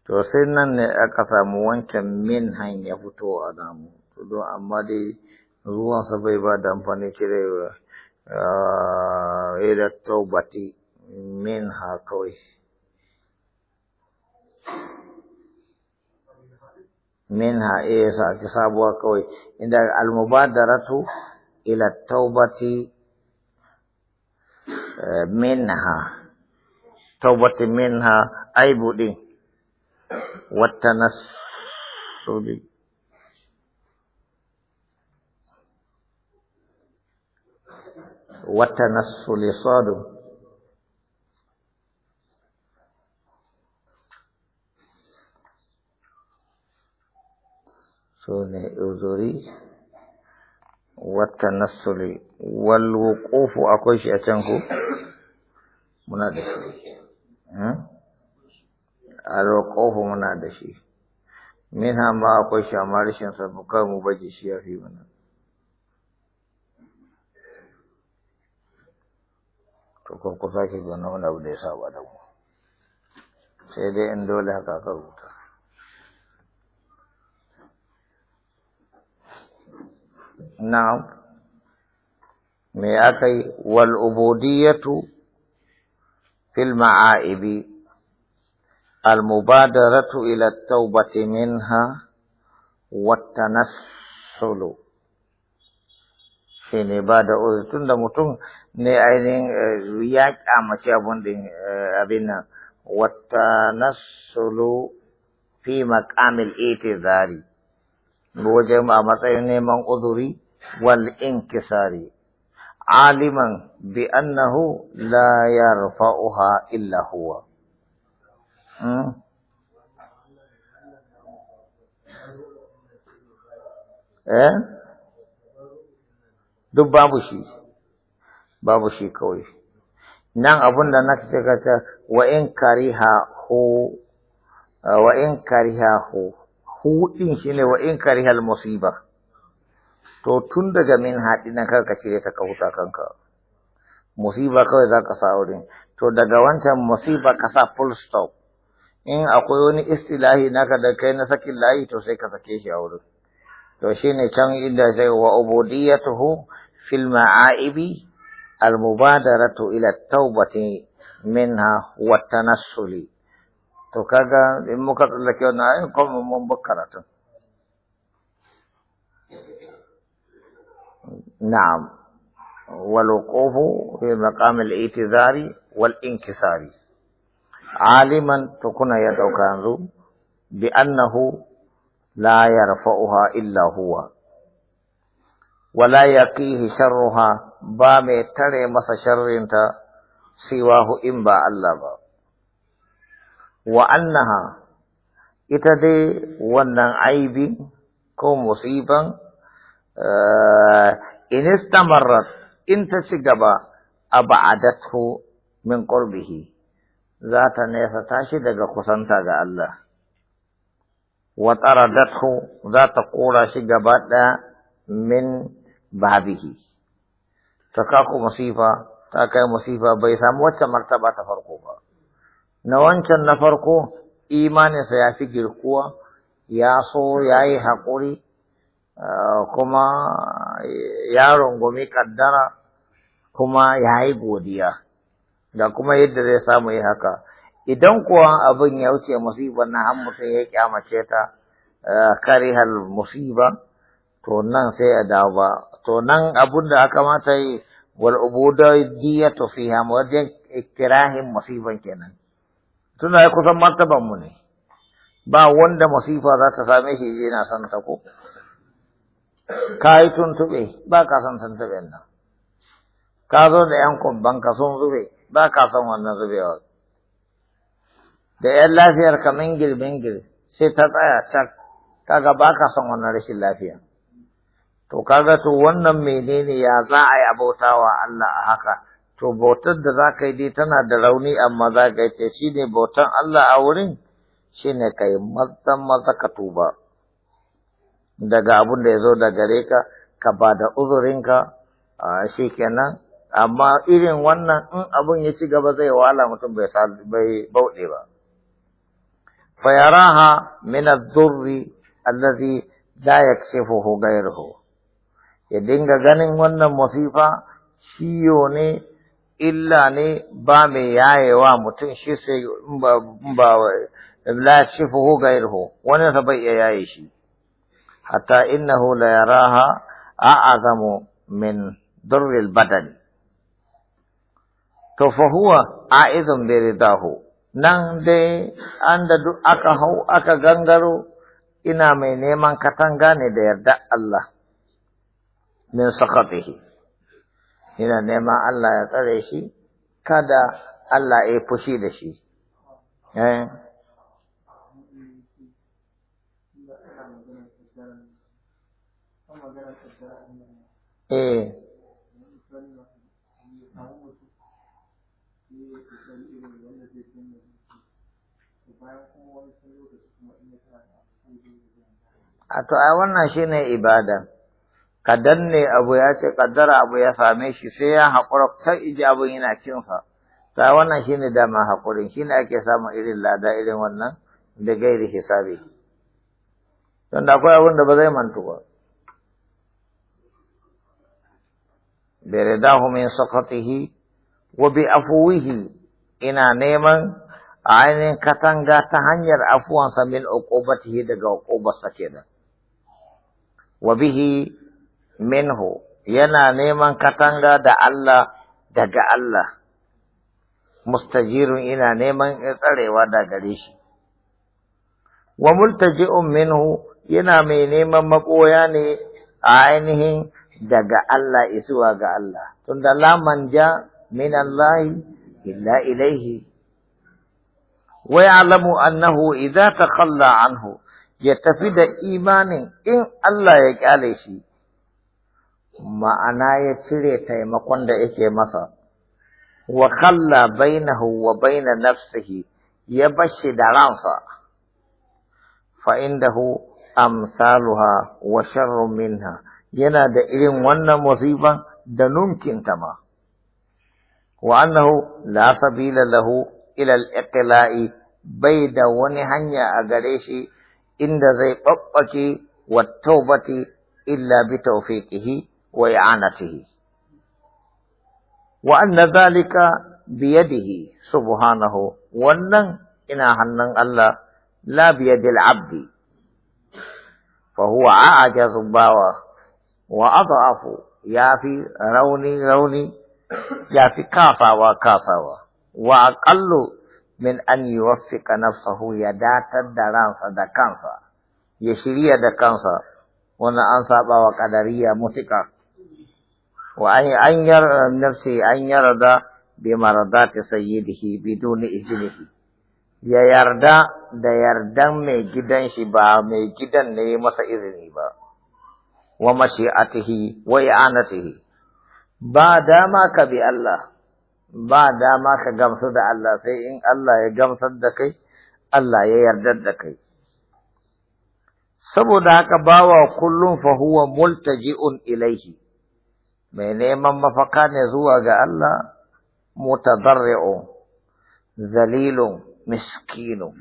to sai nan ne aka samu wancan min hanya fito a namu to don amma dai ruwansa bai ba da amfani cire ah, ila taubati min ha kawai min ha iya eh, sa sabuwa kawai inda almubadaratu ila taubati منها توبة منها أي بودي والتنسل والتنسل صاد سوني أذري wata nasuli walwukufu akwai shi a can ku muna da shi hmm? alwukufu muna da shi min ma akwai shi amma rashin sabu kawai mu baje shi ya fi mana to ko ku sake gano wani abu da ya saba da mu sai dai in dole haka ka rubuta na'am me aka yi wal ubudiyatu fil ma'aibi al mubadaratu ila taubati minha wat tanassulu ne ba da tun da mutum ne ainihin eh, ya kyamace abin eh, abin nan wata fi makamil itizari wajen a matsayin neman uzuri aliman bi annahu la yarfa'uha illa huwa. Hmm? Eh? duk babu shi babu shi kawai nan abun da na ce kace wa in kariha hu wa in kariha hu hu din shine wa in kariha al musibah to tun daga min haɗi na karka cire ta ka huta kanka musiba kawai za ka sa wurin to daga wancan musiba ka sa full stop in akwai wani istilahi naka da kai na sakin layi to sai ka sake shi a wurin to shi ne can inda sai wa ubudiyatuhu fil ma'aibi al mubadaratu ila taubati minha wa tanassuli to kaga in muka tsallake wannan ayin kuma mun bakkaratun نعم والوقوف في مقام الاعتذار والانكسار عالما تكون يدعو بأنه لا يرفعها إلا هو ولا يقيه شرها بامي تري مس شر انت سواه إنبا الله وأنها إتدي ونن عيب كو مصيبا آه، in istamarrat in ta ci gaba ab'adathu min qurbihi za ta nesa tashi daga kusanta ga Allah wa taradathu za ta kora shi gaba ɗaya min babihi ta kaku masifa ta kai masifa bai samu wacce martaba ta farko ba na wancan na farko imaninsa ya fi girkuwa ya so ya yi haƙuri Ah, kuma eh, yaron gwami kaddara kuma ya yi godiya da kuma yadda zai samu yi haka idan kuwa abin ya wuce musibar na an mutum ya kyamace ta kare ah, karihal musiba to nan sai a dawo ba to nan abun da aka mata yi wal ubudiyatu fiha wajen iktirahin musiban kenan tuna kusan martaban mu ne ba wanda masifa za ta same shi yana san ta ko ka yi tuntuɓe ba ka son tuntuɓen nan ka zo da yan kubban ka sun zube ba ka son wannan zubewa da yan lafiyar ka mingir mingir sai ta tsaya cak kaga ba ka son wannan rashin lafiya to kaga to wannan menene ya za a yi abotawa Allah a haka to bautar da za ka yi dai tana da rauni amma za ka yi ce shi ne bautan Allah a wurin shi ne ka mazan maza ka tuba daga abun da ya zo da gare ka ka ba da uzurinka shi kenan amma irin wannan in abun ya ci gaba zai wala mutum bai bauɗe ba fayaraha min ad-durri allazi la yakshifuhu ghayruhu ya dinga ganin wannan masifa ciyo ne illa ne ba mai yayewa mutum shi sai in ba la yakshifuhu ghayruhu wannan sa bai iya yaye shi hatta innahu la yaraha a'azamu min durril badani to fa huwa a'izun bi ridahu nan dai an da aka hau aka gangaro ina mai neman katanga ne da yarda Allah min sakatihi ina neman Allah ya tsare shi kada Allah ya fushi da shi eh Eh. A to ai wannan shine ibada. Ka danne abu ya ce kaddara abu ya same shi sai ya haƙura kusan iji abin yana cinsa. Ta wannan shine dama haƙurin shine ake samun irin lada irin wannan da gairi hisabi. Don da akwai abin da ba zai mantu ba. bere da hu min sakatihi wa bi ina neman ainin katanga ta hanyar afwan sa min uqobatihi daga uqobar sa kenan wa minhu yana neman katanga da Allah daga Allah mustajirun ina neman tsarewa da gare shi wa multaji'un minhu yana mai neman makoya ne a ainihin daga Allah isuwa ga Allah tunda laman ja min Allah illa ilaihi Wai alamu annahu idza kalla anhu ya tafi da imanin in Allah ya kyale shi ma'ana ya cire taimakon da yake masa wa khalla bainahu wa baina nafsihi ya bashi da ransa fa indahu amsaluha wa sharrun minha ينا دا إلين ونا مصيبة دا نمكن تما وأنه لا سبيل له إلى الإقلاء بيد ونهنيا أغريشي إن دا زي قطقشي والتوبة إلا بتوفيقه ويعانته وأن ذلك بيده سبحانه ونن إنا هنن الله لا بيد العبد فهو عاجز باوه wa adhafu ya fi rauni rauni ya fi kasawa kasawa wa aqallu min an yuwaffiqa nafsahu ya datar da ransa da kansa ya shirya da kansa wannan an saba wa qadariya musika wa an an yar nafsi an da bi maradati sayyidihi biduni iznihi ya yarda da yardan mai gidan shi ba mai gidan ne masa izini ba wa mashi'atihi wa i'anatihi ba dama ka bi Allah ba dama ka gamsu da Allah sai in Allah ya gamsar da kai Allah ya yarda da kai saboda haka bawa kullum fa huwa multaji'un ilaihi mai neman mafaka ne zuwa ga Allah mutadarri'un zalilun miskinu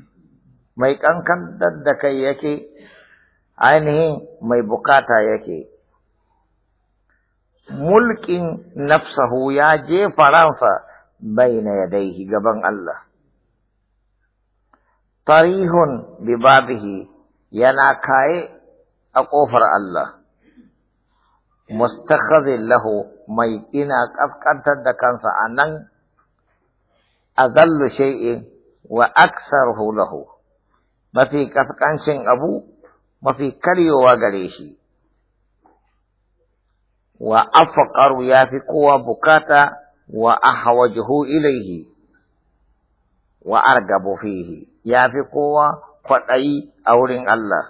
mai kankan da kai yake ainihin mai bukata yake mulkin nafsahu ya je Faransa bai na yadaihi gaban Allah tarihun bibabihi yana kaye a ƙofar Allah mustakhazin lahu mai ina ƙafƙantar da kansa a nan azallu shai'in wa aksar lahu mafi ƙasƙancin abu mafi karyowa gare shi wa afaƙaru ya fi kowa bukata wa ahwajuhu ilaihi wa argabu fihi ya fi kowa kwaɗayi a wurin Allah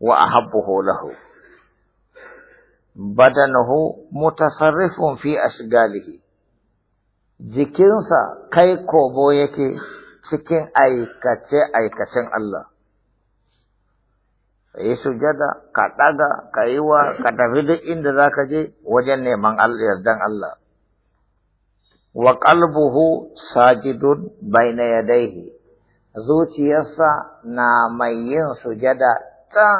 wa ahabbuhu lahu badanuhu mutasarrifun fi ashgalihi jikinsa kai kobo yake cikin aikace-aikacen Allah ka yi sujada ka ɗaga ka yi wa ka tafi duk inda za ka je wajen neman yardan Allah wa qalbuhu sajidun baina yadaihi, zuciyarsa na mai yin sujada can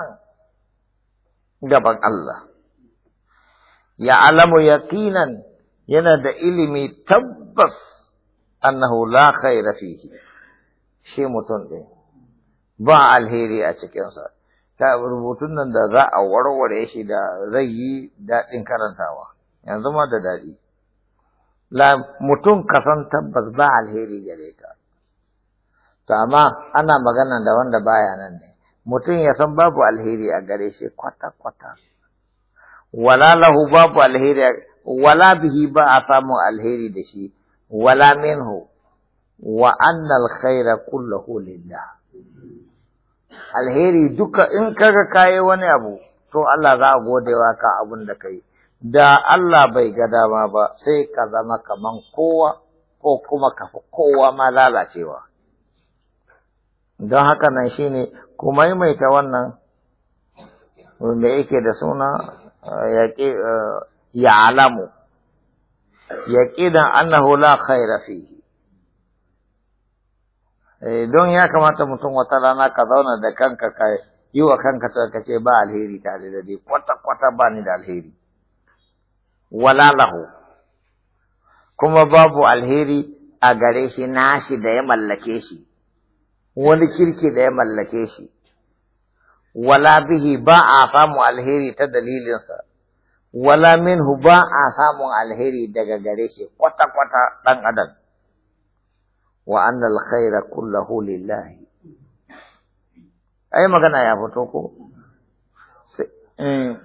gaban Allah ya alamu yaqinan yana da ilimi tabbas annahu la khaira fihi shi mutum ɗin ba alheri a cikinsa ta rubutun nan da za a warware shi da zai yi daɗin karantawa yanzu ma da daɗi la mutum ka tabbas ba alheri gare ka to amma ana magana da wanda baya nan ne mutum ya san babu alheri a gare shi kwata kwata wala lahu babu alheri wala bihi ba a samun alheri da shi wala minhu wa annal khaira kullahu lillah alheri duka in kaga kayi wani abu to Allah za a godewa ka abin da kai da Allah bai ga dama ba sai ka zama kaman kowa ko kuma ka fi kowa ma lalacewa don haka nan shine ku maimaita wannan wanda yake da suna yaƙi eh, ya'lamu yaqinan annahu la khaira fihi Eh, don ya kamata mutum wata rana ka zauna da kanka ka yi wa kanka ta ka ce ba alheri tare da dai kwata kwata ba ni da alheri wala lahu kuma babu alheri a gare shi nashi da ya mallake shi wani kirki da ya mallake shi wala bihi ba a samun alheri ta dalilinsa wala minhu ba a samun alheri daga gare shi kwata-kwata ɗan adam wa annal khaira kullahu lillahi ai magana ya fito ko eh.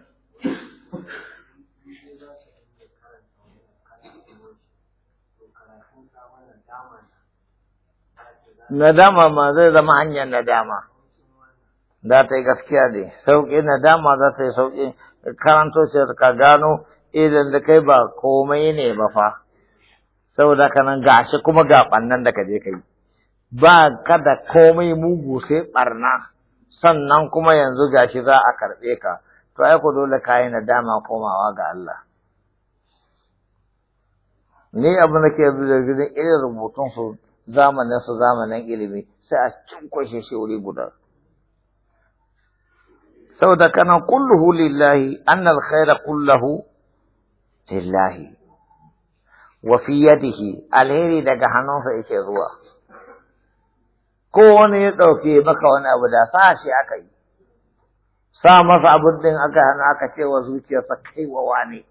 nadama ma zai zama hanyar nadama za ta yi gaskiya ne sauƙi nadama za ta yi sauƙi karanto sai ka gano idan da kai ba komai ne ba fa saboda haka nan gashi kuma ga ɓannan da ka je ka yi ba kada komai mugu sai ɓarna sannan kuma yanzu gashi za a karɓe ka to ai ku dole ka yi dama komawa ga Allah ni abu da ke gidan irin rubutun su zamanin su zamanin ilimi sai a cinkushe shi wuri guda saboda kana kulluhu lillahi annal khaira kullahu lillahi wafi yadihi alheri daga hannunsa yake zuwa kowane ya ɗauke maka wani abu da sa shi aka yi sa masa abin din aka hana aka ce wa zuciyarsa kai wa wane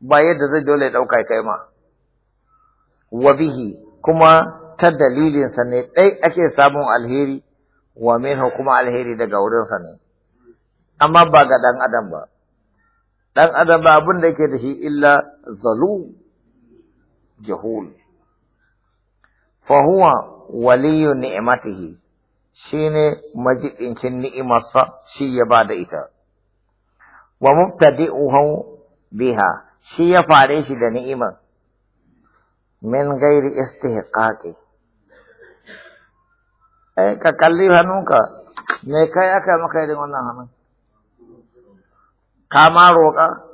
ba yadda zai dole ya ɗauka kai ma wa bihi kuma ta dalilinsa ne ɗai ake samun alheri wa minhu kuma alheri daga wurinsa ne amma ba ga ɗan adam ba ɗan adam ba abin da yake da shi illa zalu jahul fahuwa waliyu ni'matihi shine majibincin ni'imarsa shi ya bada ita wa mubtadi'uhu biha shi ya fare shi da ni'imar min gairi istihqaqi eh ka kalli hannunka me kai aka maka irin wannan hannun ka ma roƙa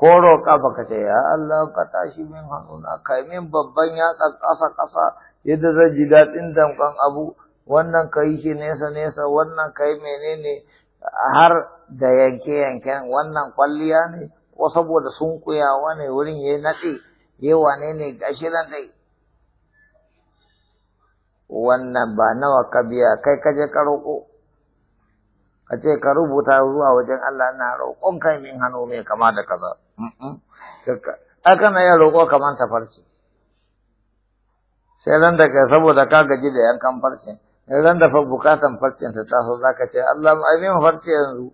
ko roƙa baka ce ya Allah ka tashi min hannuna kai min babban yatsa ƙasa ƙasa yadda zan ji daɗin damkan abu wannan ka yi shi nesa nesa wannan ka yi menene har da yanke yanken wannan kwalliya ne ko saboda sun kuyawa ne wurin ya naɗe ya wane ne gashi nan dai wannan ba nawa ka biya kai ka je ka roƙo a ce ka rubuta zuwa wajen Allah na roƙon kai min hannu mai kama da kaza. Akana na yin roƙo kamar ta farce. Sai ran da ka saboda ka gaji da yankan farce, Sai ran da fa bukatan farce ta taso za ka ce, Allah ai mu farce yanzu.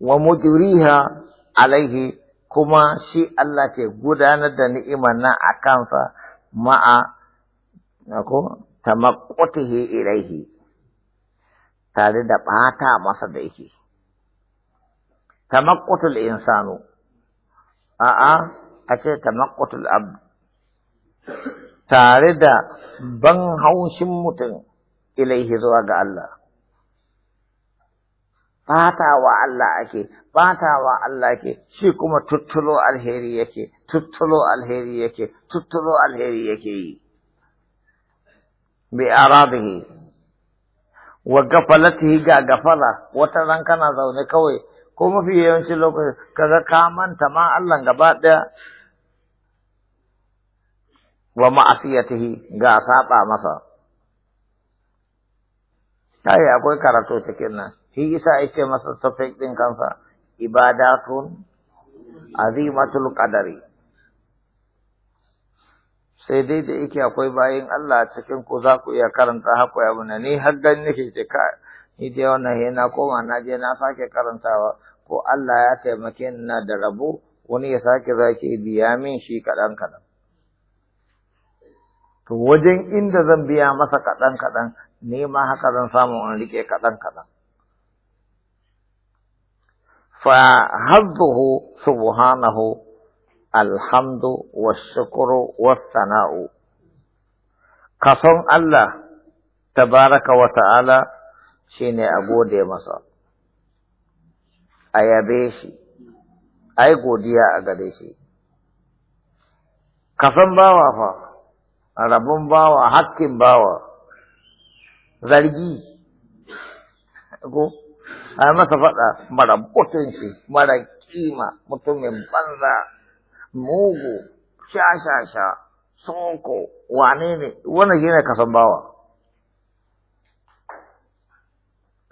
Wa mujriha alaihi kuma shi Allah ke gudanar da ni'imar nan a kansa ma'a ko tamaqqutihi ilaihi tare da ɓata masa da yake. tamakkutul insanu a'a a ce tamakkutul abd tare da ban haushin mutum ilaihi zuwa ga Allah wa Allah ake wa Allah ake shi kuma tuttulo alheri yake tuttulo alheri yake tuttulo alheri yake yi bi aradihi wa gafalatihi ga gafala wata ran kana zaune kawai ko mafi yawanci lokaci kaga ka manta ma Allah gaba ɗaya wa ma'asiyatihi ga saba masa sai akwai karatu cikin nan shi isa yake masa topic din kansa ibadatun azimatul qadari sai dai da yake akwai bayin Allah cikin ku za ku iya karanta haku ya ni har dan nake ce ka ni dai wannan he na koma na je na sake karantawa ko Allah ya taimake ni na da rabo wani ya sake zaki biya min shi kaɗan kaɗan to wajen inda zan biya masa kaɗan kaɗan ne ma haka zan samu in rike kaɗan kaɗan fa hazzuhu subhanahu alhamdu washukru wassana'u kason Allah tabaraka wa ta'ala shine a gode masa a yabe shi ai godiya a gare shi bawa fa rabin bawa hakkin bawa zargi ko a masa faɗa mara mutunci mara kima mutumin banza mugu sha sha sha sonko wane ne wannan shine kasan bawa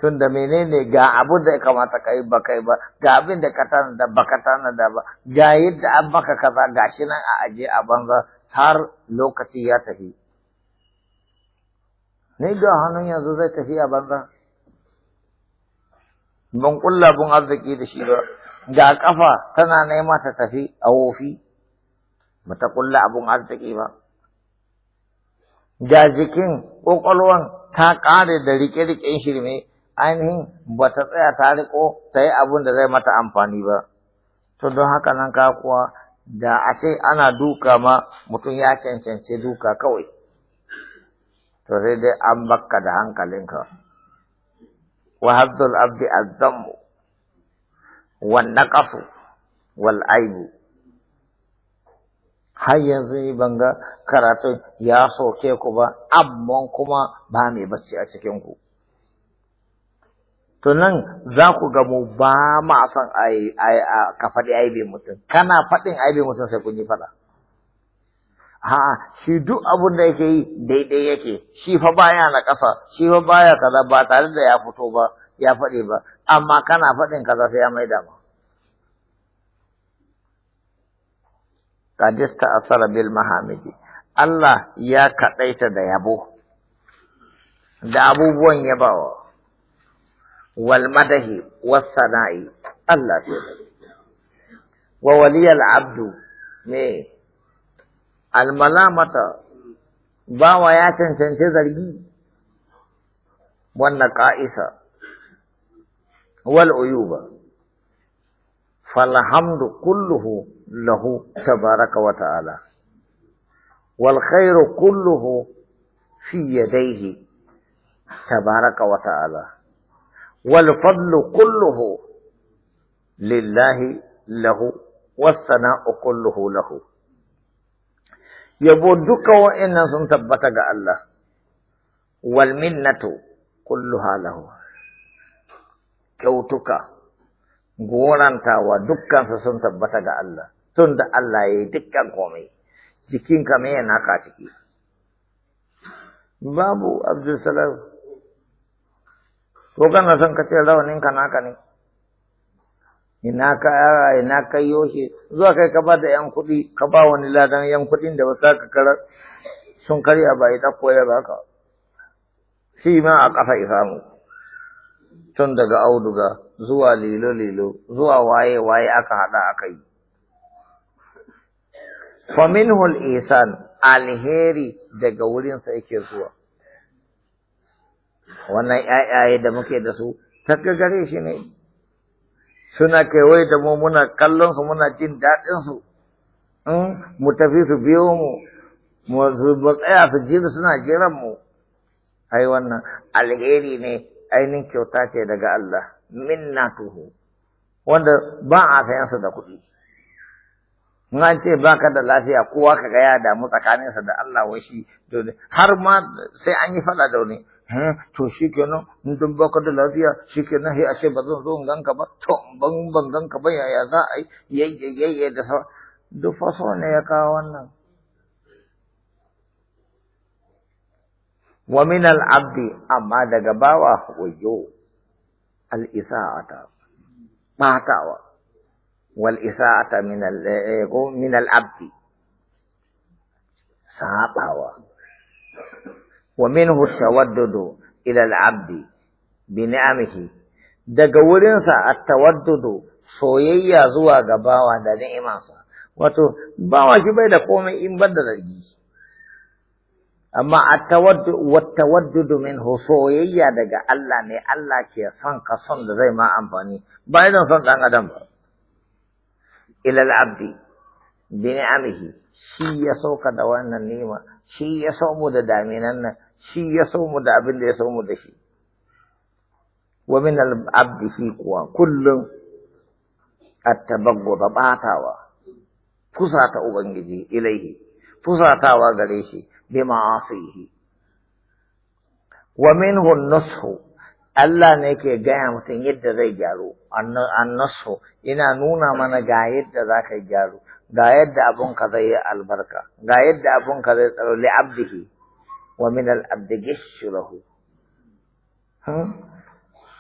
tun da menene ga abin da ya kamata ka yi ba kai ba ga abin da ka tanada ba ka tanada ba ga yadda an baka kaza ga shi nan a aje a banza har lokaci ya tafi ni ga hannun yanzu zai tafi a banza ban kulla bun arziki da shi ba ga kafa tana nema ta tafi a wofi ba ta kulla abun arziki ba ga jikin ƙwaƙwalwan ta ƙare da rike-riken shirme ainihin ba ta tsaya ta riko ta yi abin da zai mata amfani ba. To don haka nan ka kuwa da a ce ana duka ma mutum ya cancanci duka kawai. To sai dai an bakka da hankalinka. Wa haddul abdi azzamu wa naqasu wal aibu. Har yanzu ni ban ga karatun ya soke ku ba, amma kuma ba mai bacci a cikinku. To nan za ku ga mu ba ma son ka faɗi aibin mutum, kana faɗin aibin mutum sai kun yi faɗa. A'a, shi duk abin da yake yi daidai yake, shi fa baya na ƙasa, shi fa baya kaza ba tare da ya fito ba, ya faɗi ba, amma kana faɗin kaza sai ya maida ma. Kadista asara bil mahamidi, Allah ya kaɗaita da yabo, da abubuwan yabawa. والمدح والثناء الله تعالى وولي العبد مي نعم. الملامة با وياتن سنتزرگي والنقائص والعيوب فالحمد كله له تبارك وتعالى والخير كله في يديه تبارك وتعالى والفضل كله لله له والثناء كله له يبو دك وإن ga الله والمنة كلها له كوتك goranta wa dukkansa sun tabbata ga Allah, tun da Allah ya yi dukkan komai, jikinka mai yana ka ciki. Babu Abdulsalam ko kana son ka ce rawanin ka naka ne ina ka ina ka yoshi zuwa kai ka ba da yan kuɗi ka ba wani ladan yan kuɗin da ba sa ka karar sun karya ba ya ɗauko ya ka shi ma a ƙafa isamu tun daga auduga zuwa lilo-lilo zuwa waye-waye aka haɗa aka yi faminhul isan alheri daga wurinsa yake zuwa wannan ƴaƴaye da muke da su gare shi ne suna kewaye da mu muna kallon su muna jin daɗin su in hmm, mu tafi su biyo mu mu tsaya su jira suna jiran mu ai wannan alheri ne ainihin kyauta ce daga Allah minnatuhu wanda ba a sayan su da kuɗi in an ce ka da lafiya kowa ka ga ya damu tsakaninsa da Allah wai shi har ma sai an yi faɗa da wani to shi kenan in don baka da lafiya shi kenan sai ashe ba zan zo in ganka ba to ban ban ganka ba ya za a yi yayyaye da sa duk faso ne ya kawo wannan wa min al-abdi amma daga bawa wayo al-isa'ata batawa wal isa'ata min al min al-abdi sabawa ومنه التودد إلى العبد بنعمه daga wurinsa at-tawaddudu soyayya zuwa ga bawa da ni'imarsa wato bawa shi bai da komai in bada da zargi amma at-tawaddu tawaddudu minhu soyayya daga Allah ne Allah ke son ka son da zai ma amfani ba yana son dan adam ba ila al-abdi bi ni'amihi shi ya sauka da wannan ni'ima shi ya samu da daminan nan shi ya so mu da abin da ya so mu da shi wa min al-abdi shi kuwa kullum at-tabaggu batawa fusata ubangiji ilaihi fusatawa gare shi bi ma'asihi wa minhu an Allah ne ke gaya mutum yadda zai gyaru an annasu Ina nuna mana ga yadda za ka gyaru ga yadda abun ka zai yi albarka ga yadda abun ka zai tsaro li abdihi wa min al-abdi gishu lahu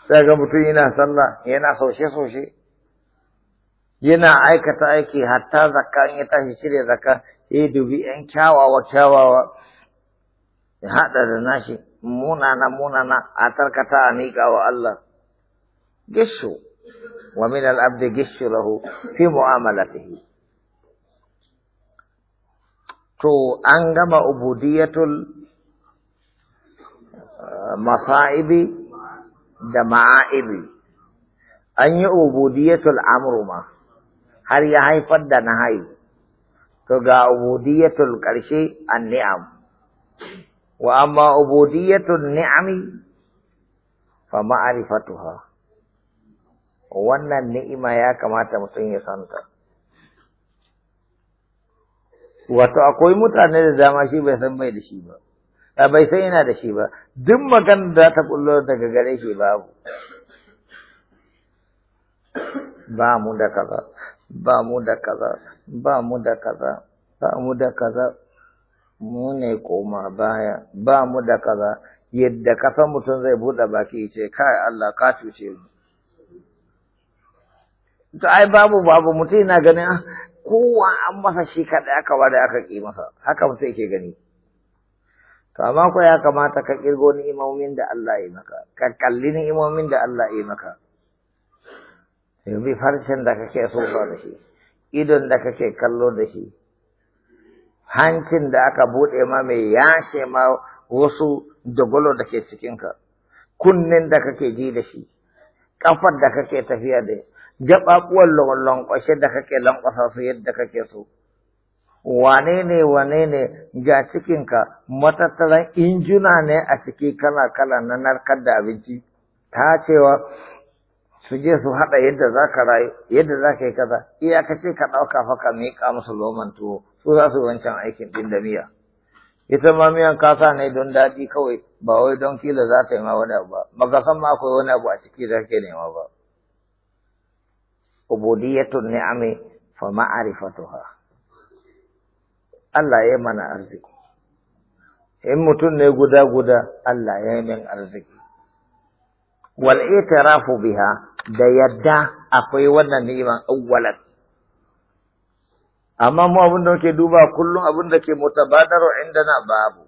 sai ga mutum yana sallah yana saushe-saushe yana aikata aiki hatta zakka in ya tashi shirya zakka ya dubi yan kyawawa kyawawa ya haɗa da nashi munana munana a tarkata a miƙa wa Allah gishu wa min al-abdi gishu lahu fi mu'amalatihi to an gama ubudiyatul masa'ibi da ma'aibi an yi ubudiyatul amru ma har ya haifar da nahayi to ga ubudiyatul ƙarshe an ni'am wa amma ubudiyatul ni'ami fa ma'rifatuha wannan ni'ima ya kamata mutum ya santa wato akwai mutane da dama shi bai san bai da shi ba A bai san yana da shi ba duk maganar da ta kullo daga gare shi babu ba mu da kaza ba mu da kaza ba mu da kaza ba mu da kaza mu ne koma baya ba mu da kaza yadda kasan mutum zai buɗe baki ce kai Allah ka cuce mu to ai babu babu mutum yana ganin ah, kowa an masa shi kaɗai aka ware aka ƙi masa haka mutum yake gani amma ko ya kamata ka kirgo ni'imomin da Allah ya maka ka kalli ni'imomin da Allah ya maka bi harshen da kake so da shi idon da kake kallo da shi hancin da aka buɗe ma mai yashe ma wasu dogolo da ke cikinka, kunnen da kake ji da shi, ƙafar da kake tafiya da jaɓaɓuwan lankwashe da kake lankwasa su yadda kake so, wane wanene wane ne ga cikinka matattaran injuna ne a ciki kana kala na narkar da abinci ta cewa su je su haɗa yadda za ka rayu yadda za ka yi kaza iyakace ka ɗauka fa ka miƙa musu loman tuwo su za su wancan aikin ɗin da miya ita ma miyan kasa ne don daɗi kawai ba wai don kila za ta yi ma wani abu ba maka san ma akwai wani abu a ciki da kake nema ba ubudiyatun ni'ami fa ma'rifatuha Allah ya mana arziki in mutum ne guda guda Allah ya min arziki wal itirafu biha da yadda akwai wannan neman awwalan amma mu abin da muke duba kullum abin da ke mutabadaru na babu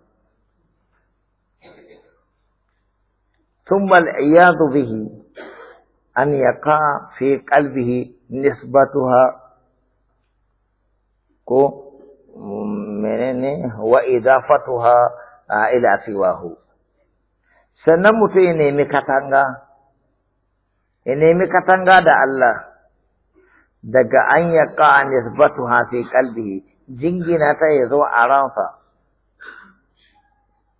ثم العياذ an ya يقع fi kalbihi nisbatuha ko. menene wa idafatuha ah, ila siwahu sannan mutum ya nemi katanga ya nemi katanga da Allah daga an ya ƙa'a nisbatuha fi qalbihi jingina ta ya zo a ransa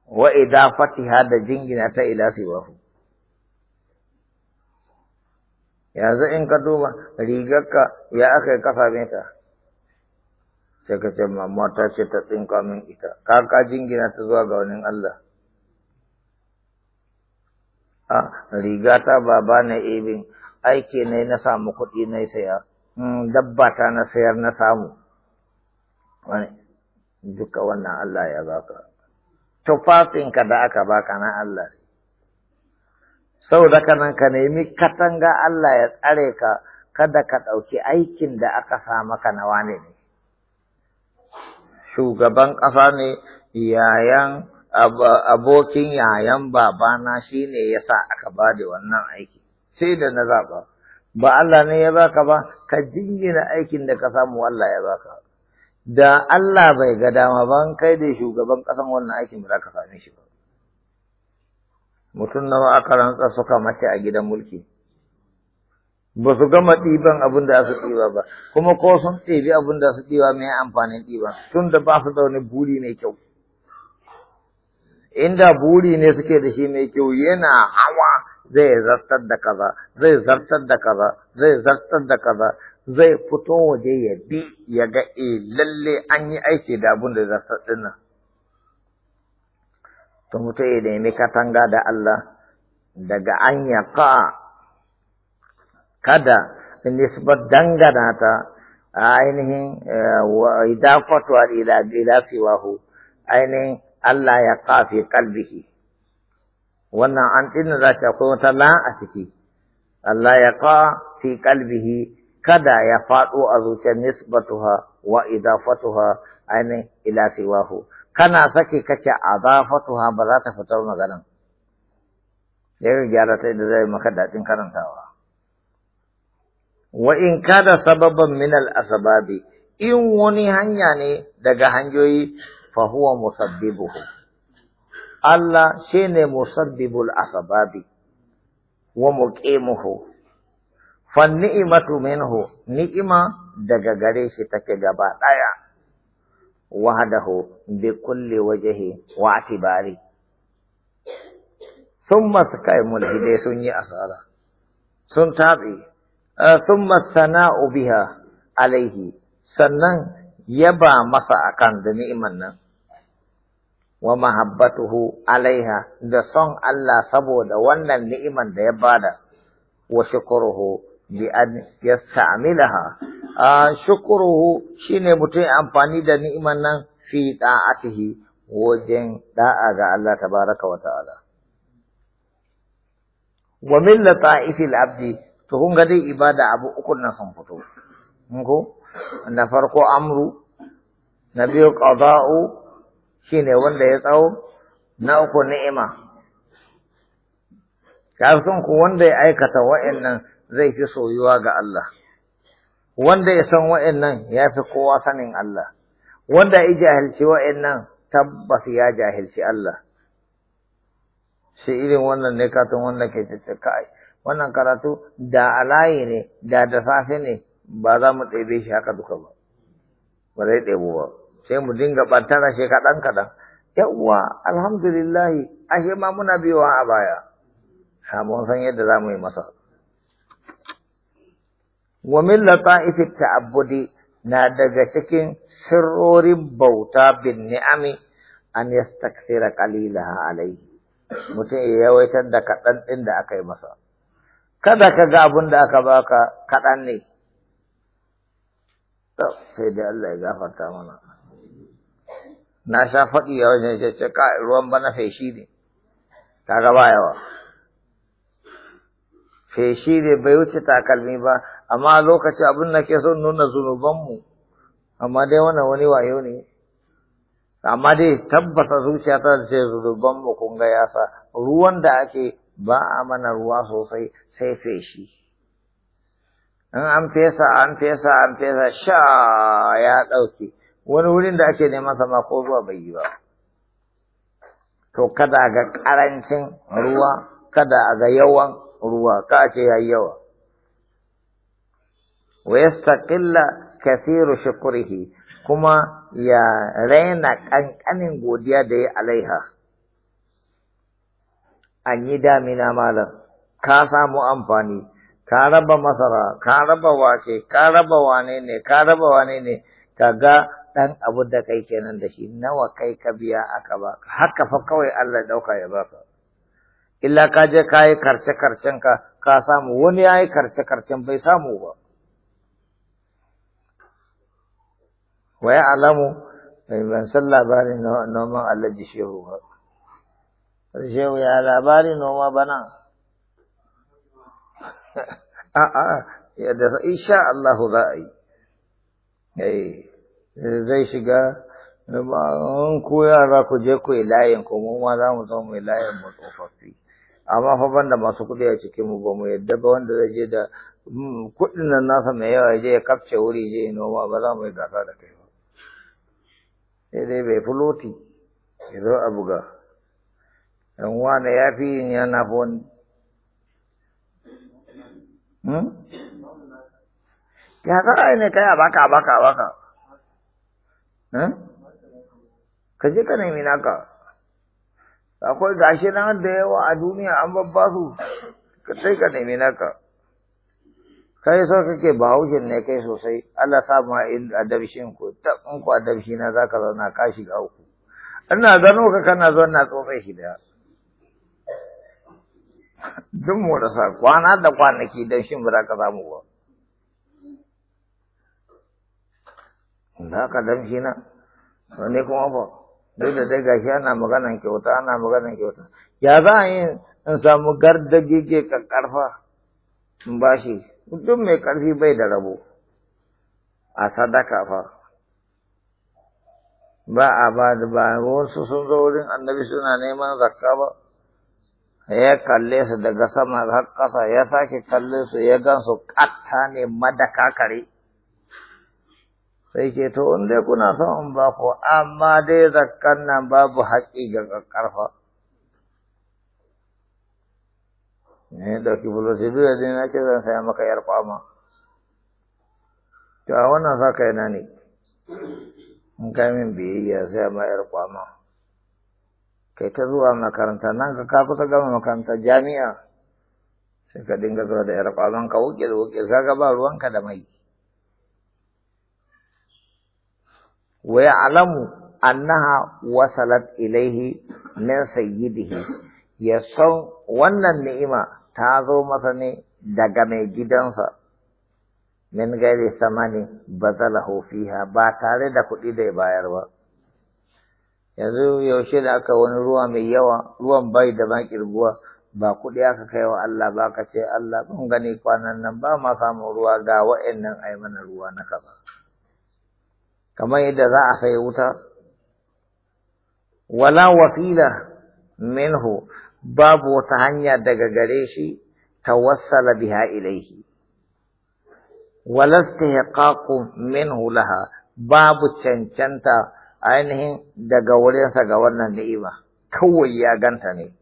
wa idafatiha da jingina ta ila siwahu yanzu in ka duba rigarka ya aka yi kafa ta sai ka ce ma ta ce ta tsinka min ita ka ka jingina ta zuwa ga wani Allah a riga ta baba na ibin aiki ne na samu kuɗi na saya hmm, dabba ta na sayar na samu wani duka wannan Allah ya baka tufafinka da aka baka na Allah saboda kanan ka nemi katanga Allah ya tsare ka kada ka ɗauki aikin da aka sa maka na wane ne shugaban ƙasa ne yayan abokin yayan babana shi ne ya sa aka ba da wannan aiki sai da na zaɓa ba Allah ne ya baka ba ka jingina aikin da ka samu Allah ya baka da Allah bai ga dama ba kai da shugaban ƙasan wannan aikin ba za ka same shi ba mutum nawa aka rantsa suka mace a gidan mulki ba su gama ɗiban abin da su ɗiba ba kuma ko sun ɗebi abin da su ɗiba mai amfanin ɗiba tun da ba su da wani buri mai kyau inda buri ne suke da shi mai kyau yana hawa zai zartar da kaza zai zartar da kaza zai zartar da kaza zai fito waje ya bi ya ga e lalle an yi aiki da abin da zartar ɗin nan to mutum ya nemi katanga da Allah daga an yaka? kada nisbar dangana ta ainihin eh, idafatuwa ila ila siwahu ainihin Allah ya kafi kalbihi wannan an tsinna za ta akwai wata la a ciki Allah ya kafi kalbihi kada ya faɗo a zuciyar nisbatuha wa idafatuha ainihin ila siwahu kana sake kace adafatuha ba za ta fitar maganan. yau gyara ta da zai maka daɗin karantawa. wa in kada sababan min al-asbabi in wani hanya ne daga hanyoyi fa huwa musabbibuhu Allah shine musabbibul asbabi wa muqimuhu fa ni'matu minhu ni'ima daga gare shi take gaba daya wahdahu bi kulli wajhi wa atibari summa sakai mulhide sun yi asara sun tabi summa ah, sana'u biha alaihi sannan yaba masa akan da ni'imar nan wa mahabbatuhu alaiha da son Allah saboda wannan ni'imar da ya bada wa shukruhu bi an yasta'milaha ah, shukruhu shine mutum amfani da ni'imar nan fi da'atihi wajen da'a ga Allah tabaraka wa ta'ala wa min lata'ifil abdi To kun ga dai ibada abu uku na sun fito. Ko na farko amru, na biyu qada'u shine wanda ya tsawo, na uku ni'ima. san ku wanda ya aikata wa'annan zai fi soyuwa ga Allah. Wanda ya san wa'annan ya fi kowa sanin Allah. Wanda ya jahilci wa'annan tabbas ya jahilci Allah. Shi irin wannan ne katon wanda ke cece kai wannan karatu da alayi ne da da safe ne ba za mu ɗebe shi haka duka ba ba zai ɗebo ba sai mu dinga ɓantara shi kaɗan kaɗan yawwa alhamdulillahi ashe ma muna biyowa a baya samun san yadda za mu yi masa wa min lata'ifi ta'abbudi na daga cikin sirrorin bauta bin ni'ami an yastakthira qalilaha alayhi mutum ya yawaitar da kaɗan ɗin da aka yi masa kada ka ga abin da aka baka kaɗan ne sai dai Allah ya gafarta mana na sha faɗi a wajen ce ka ruwan bana feshi ne ta gaba yawa feshi ne bai wuce takalmi ba amma lokaci abin da ke son nuna zunubanmu amma dai wannan wani wayo ne amma dai tabbata zuciya ta ce zunubanmu kun ga yasa ruwan da ake ba a mana ruwa sosai sai feshi in an fesa an fesa an fesa sha ya ɗauke wani wurin da ake neman sama ko zuwa bai yi ba to kada ga ƙarancin ruwa kada ga yawan ruwa ka ce ya yi yawa wa yastaqilla kathiru shukrihi kuma ya raina ƙanƙanin godiya da ya alaiha an yi damina malam ka samu amfani ka raba masara ka raba wake ka raba wane ne ka raba wane ne ga ɗan abu da kai kenan da shi nawa kai ka biya aka ba haka fa kawai Allah dauka ya baka illa ka je ka yi karce karcen ka ka samu wani ya yi karce karcen bai samu ba Wai alamu alamu ban san labarin noman Allah shehu ba Shehu ya labari noma bana. A'a, yadda insha Allah za a yi. Eh, zai shiga, in ku yara ku je ku yi layin ku mu ma za mu zo mu yi layin mu tsofaffi. Amma fa banda masu kuɗi a cikin mu ba mu yadda ba wanda zai je da hmm, kuɗin nan nasa mai yawa ya je ya kafce wuri je noma ba za mu yi gasa da kai ba. Sai bai fuloti, ya zo a buga. in wane ya fi yin yana fi wani ya za ne kai a baka a baka a baka ka je ka nemi naka akwai gashi nan da yawa a duniya an babba su ka sai ka nemi naka kai so kake bahaushen ne kai sosai Allah sa ma in adabshin ku ta in ku adabshi za ka zauna ka shiga uku ina gano ka kana zauna na tsotsa shi da duk mu rasa kwana da kwanaki don shin ba za ka samu ba za ka damshi na wani kuma ba duk da dai gashi ana maganan kyauta ana maganan kyauta ya za a yi in samu gardage ke karfa in ba shi duk mai karfi bai da rabo a sadaka fa ba a ba da ba wasu sun zo wurin annabi suna neman zakka ba ya kalle su daga sama har ƙasa ya sake kalle su ya gan su ƙatta ne madaka kare sai ke to in dai kuna son bako amma dai zakkan nan babu haƙƙi ga ƙarfa ne ɗauki bulosi duk yanzu na ce zan saya maka yar kwama to a wannan sa kai na ne in kai min biyayya sai ma yar kwama kai ta zuwa makaranta nan ka ka kusa gama makaranta jami'a sai ka dinga zuwa da yar kwazon ka wuke da wuke ka ba ruwanka da mai wa ya'lamu annaha wasalat ilaihi min sayyidihi ya san wannan ni'ima ta zo masa ne daga mai gidansa min gairi samani bazalahu fiha ba tare da kuɗi da ya bayar ba yanzu yaushe da aka wani ruwa mai yawa ruwan bai da bakin ruwa ba kuɗi aka kai wa Allah ba ka ce Allah ban gani kwanan nan ba ma samun ruwa ga wa'annan ai mana ruwa na kaza kamar yadda za a sai wuta wala wasila minhu babu wata hanya daga gare shi tawassala biha ilaihi wala istihqaqu minhu laha babu cancanta ainihin daga wurinsa ga wannan ni'ima kawai ya ganta ne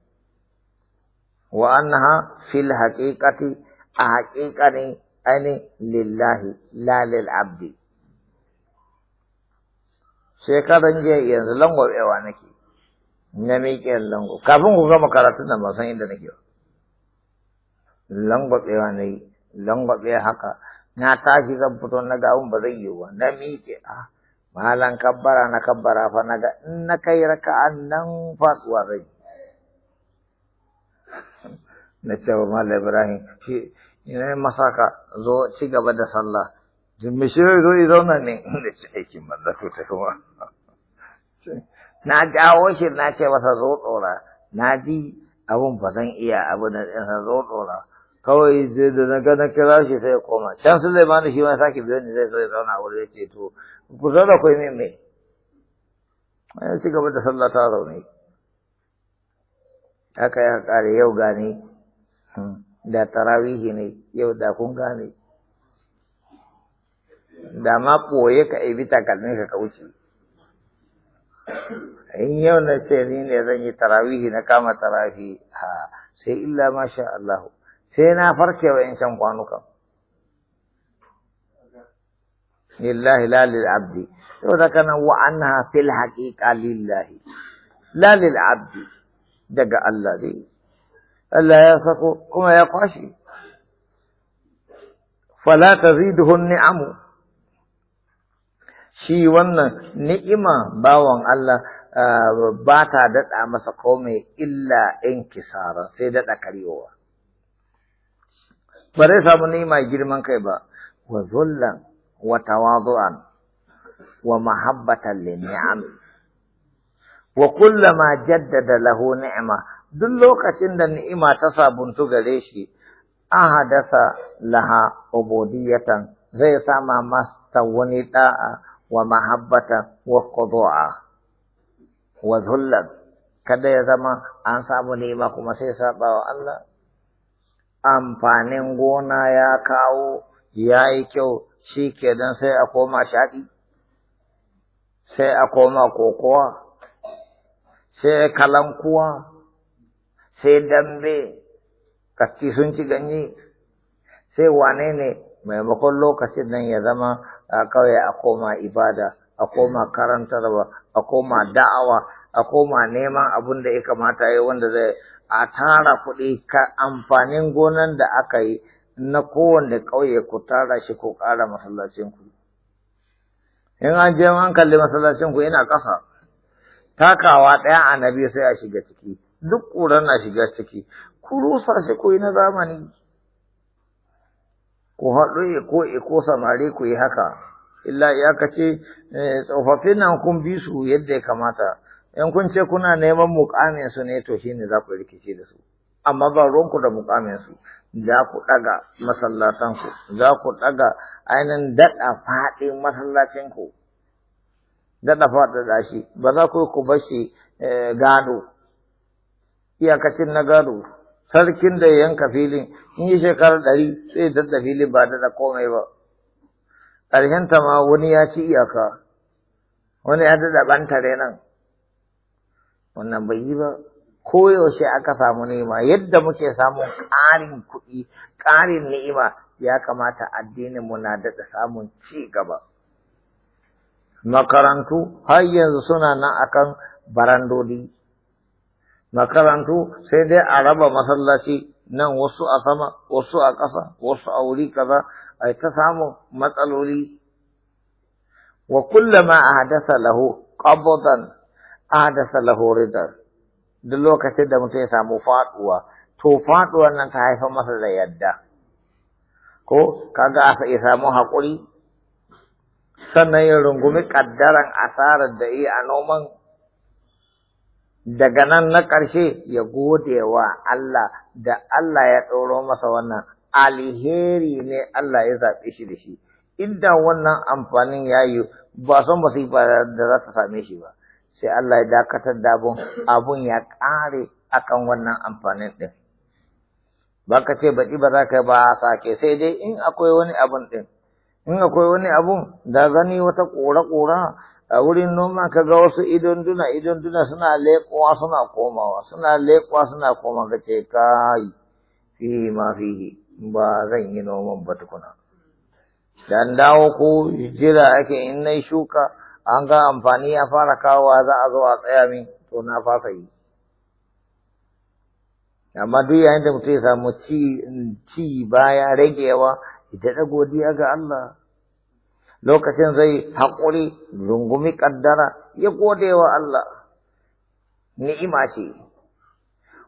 wa annaha fil haqiqati a ne, ainihin lillahi la lil abdi shekaran jiya yanzu langwabewa nake na miƙe lango kafin ku gama karatun nan ba san inda nake ba langwabewa na yi langwabe haka na tashi zan fito na ga abun ba zai yi ba na miƙe ah, malan kabbara na kabbara fa naga in na kai raka'an nan faduwa zai na ce wa Malam Ibrahim shi ina masaka zo ci gaba da sallah shi zo ya zauna ne da shi aikin banza ko ta kuma na jawo shi na ce masa zo tsora na ji abun ba zan iya abu da ɗansa zo tsora kawai zai da na ga na kira shi sai koma can su zai bani shi ma sake biyo ni zai zo ya zauna a wurin ya ce to ku zo da kai min mai ai ci gaba da sallah ta zaune aka ya kare yau gani, hmm, da tarawihi ne yau da kun gani. da ma ɓoye ka ibi takalmin ka kauce in yau na ce ni ne zan yi tarawihi na kama tarawihi ha sai illa masha Allah sai na farke wa shan can kwanukan lillahi la lil abdi saboda kana wa annaha fil haqiqa lillahi la abdi daga Allah dai Allah ya sako kuma ya kwashe. fala taziduhu ni'amu shi wannan ni'ima bawan Allah bata ta daɗa masa komai illa in kisara sai daɗa karyowa. Ba zai samu ni'ima girman kai ba, wa wa tawadu'an wa mahabbatan lin ni'am wa kullama jaddada lahu ni'ma duk lokacin da ni'ima ta sabuntu gare shi ahadasa laha ubudiyatan zai sama masta wani da'a wa mahabbata wa qudu'a wa zullan kada ya zama an samu ni'ima kuma sai saba wa Allah amfanin gona ya kawo yayi kyau shi kenan sai a koma shaɗi, sai a koma kokowa, sai kalankuwa, sai dambe, kaski sun ci ganye, sai wane ne maimakon lokacin nan ya zama a kawai a koma ibada, a koma karantarwa, a koma da'awa, a koma neman abin da ya kamata ya wanda zai a tara kuɗi ka amfanin gonan da aka yi na kowanne ƙauye ku tara shi ko ƙara masallacinku. In an je an kalli masallacinku yana ƙasa, takawa ɗaya a annabi sai a shiga ciki, duk ƙuran na shiga ciki, ku rusa shi ku yi na zamani. Ku haɗu ko iko samari ku yi haka, illa ce eh, tsofaffin nan kun bi su yadda ya kamata, in kun ce kuna neman mukamin su ne to shine za ku rikice da su. amma ba ruwanku da mukamin su za ku ɗaga masallatanku, za ku ɗaga ainihin daɗa faɗin masallacinku, daɗa faɗaɗa shi, ba za ku ku bar shi eh, gado, iyakacin na gado, sarkin da yanka filin, in yi shekarar ɗari sai daɗa filin ba daɗa komai ba. ta ma wani ya ci iyaka, wani ya daɗa ɓantare nan, wannan bai yi ba. koyaushe aka samu ni'ima yadda muke samun ƙarin kuɗi ƙarin ni'ima ya kamata addininmu na daɗa samun ci gaba makarantu har yanzu suna nan akan barandodi makarantu sai dai a raba masallaci nan wasu a sama wasu a ƙasa wasu a wuri kaza a ta samun matsaloli wa kullama hadasa lahu qabdan ahdasa lahu ridar duk lokacin da mutum ya samu faɗuwa to faɗuwar nan ta haifar masa da yadda ko kaga aka iya samu haƙuri sannan ya rungumi ƙaddaran asarar da iya a noman daga nan na ƙarshe ya gode wa Allah da Allah ya ɗoro masa wannan alheri ne Allah ya zaɓe shi da shi inda wannan amfanin ya yi ba son masifa da za ta same shi ba sai Allah ya dakatar da abun abun ya ƙare akan wannan amfanin ɗin ba ka ce baɗi ba za ka yi ba sake sai dai in akwai wani abun ɗin in akwai wani abun da gani wata ƙura-ƙura a wurin noma ka ga wasu idon duna idon duna suna leƙowa suna komawa suna leƙowa suna koma ka ce kai fi ma fihi ba zan yi noman ba tukuna dan dawo ko jira ake in nayi shuka an ga amfani ya fara kawowa za a zo a tsaya min to na fasa yi amma duk yayin da mutum ya samu ci ci baya ragewa ita da godiya ga Allah lokacin zai haƙuri rungumi ƙaddara ya gode wa Allah ni'ima ce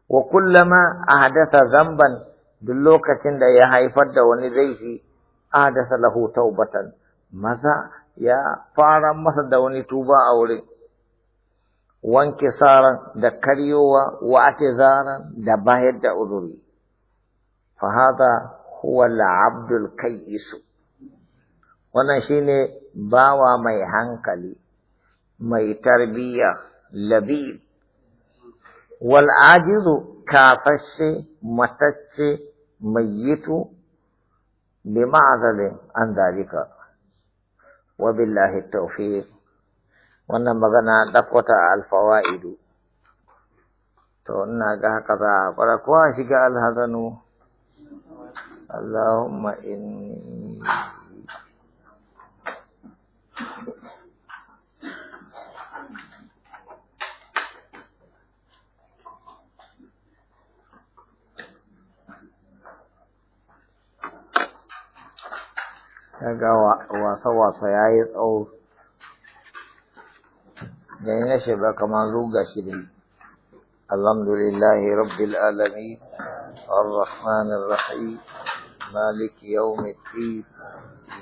wa kullama ahdatha zamban duk lokacin da ya haifar da wani laifi ahdatha lahu taubatan maza ya fara masa da wani tuba a wurin wanke saran da karyowa wa ake zaran da bayar da uzuri fahada huwa la'abdul isu. wannan shi ne bawa mai hankali mai tarbiyya labi wal'ajizu kafashe matacce mayitu bi ma'azalin an dalika وبالله التوفيق wannan magana dakwata alfawa'idu to ina ga haka za a fara kowa shiga alhazanu Allahumma inni ga wasa-wasa ya yi tsawo da yi na shiga kamar ruga shi da alhamdulillahi rabbil alami ar-rahman ar-rahim maliki yawmiddin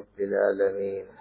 رب العالمين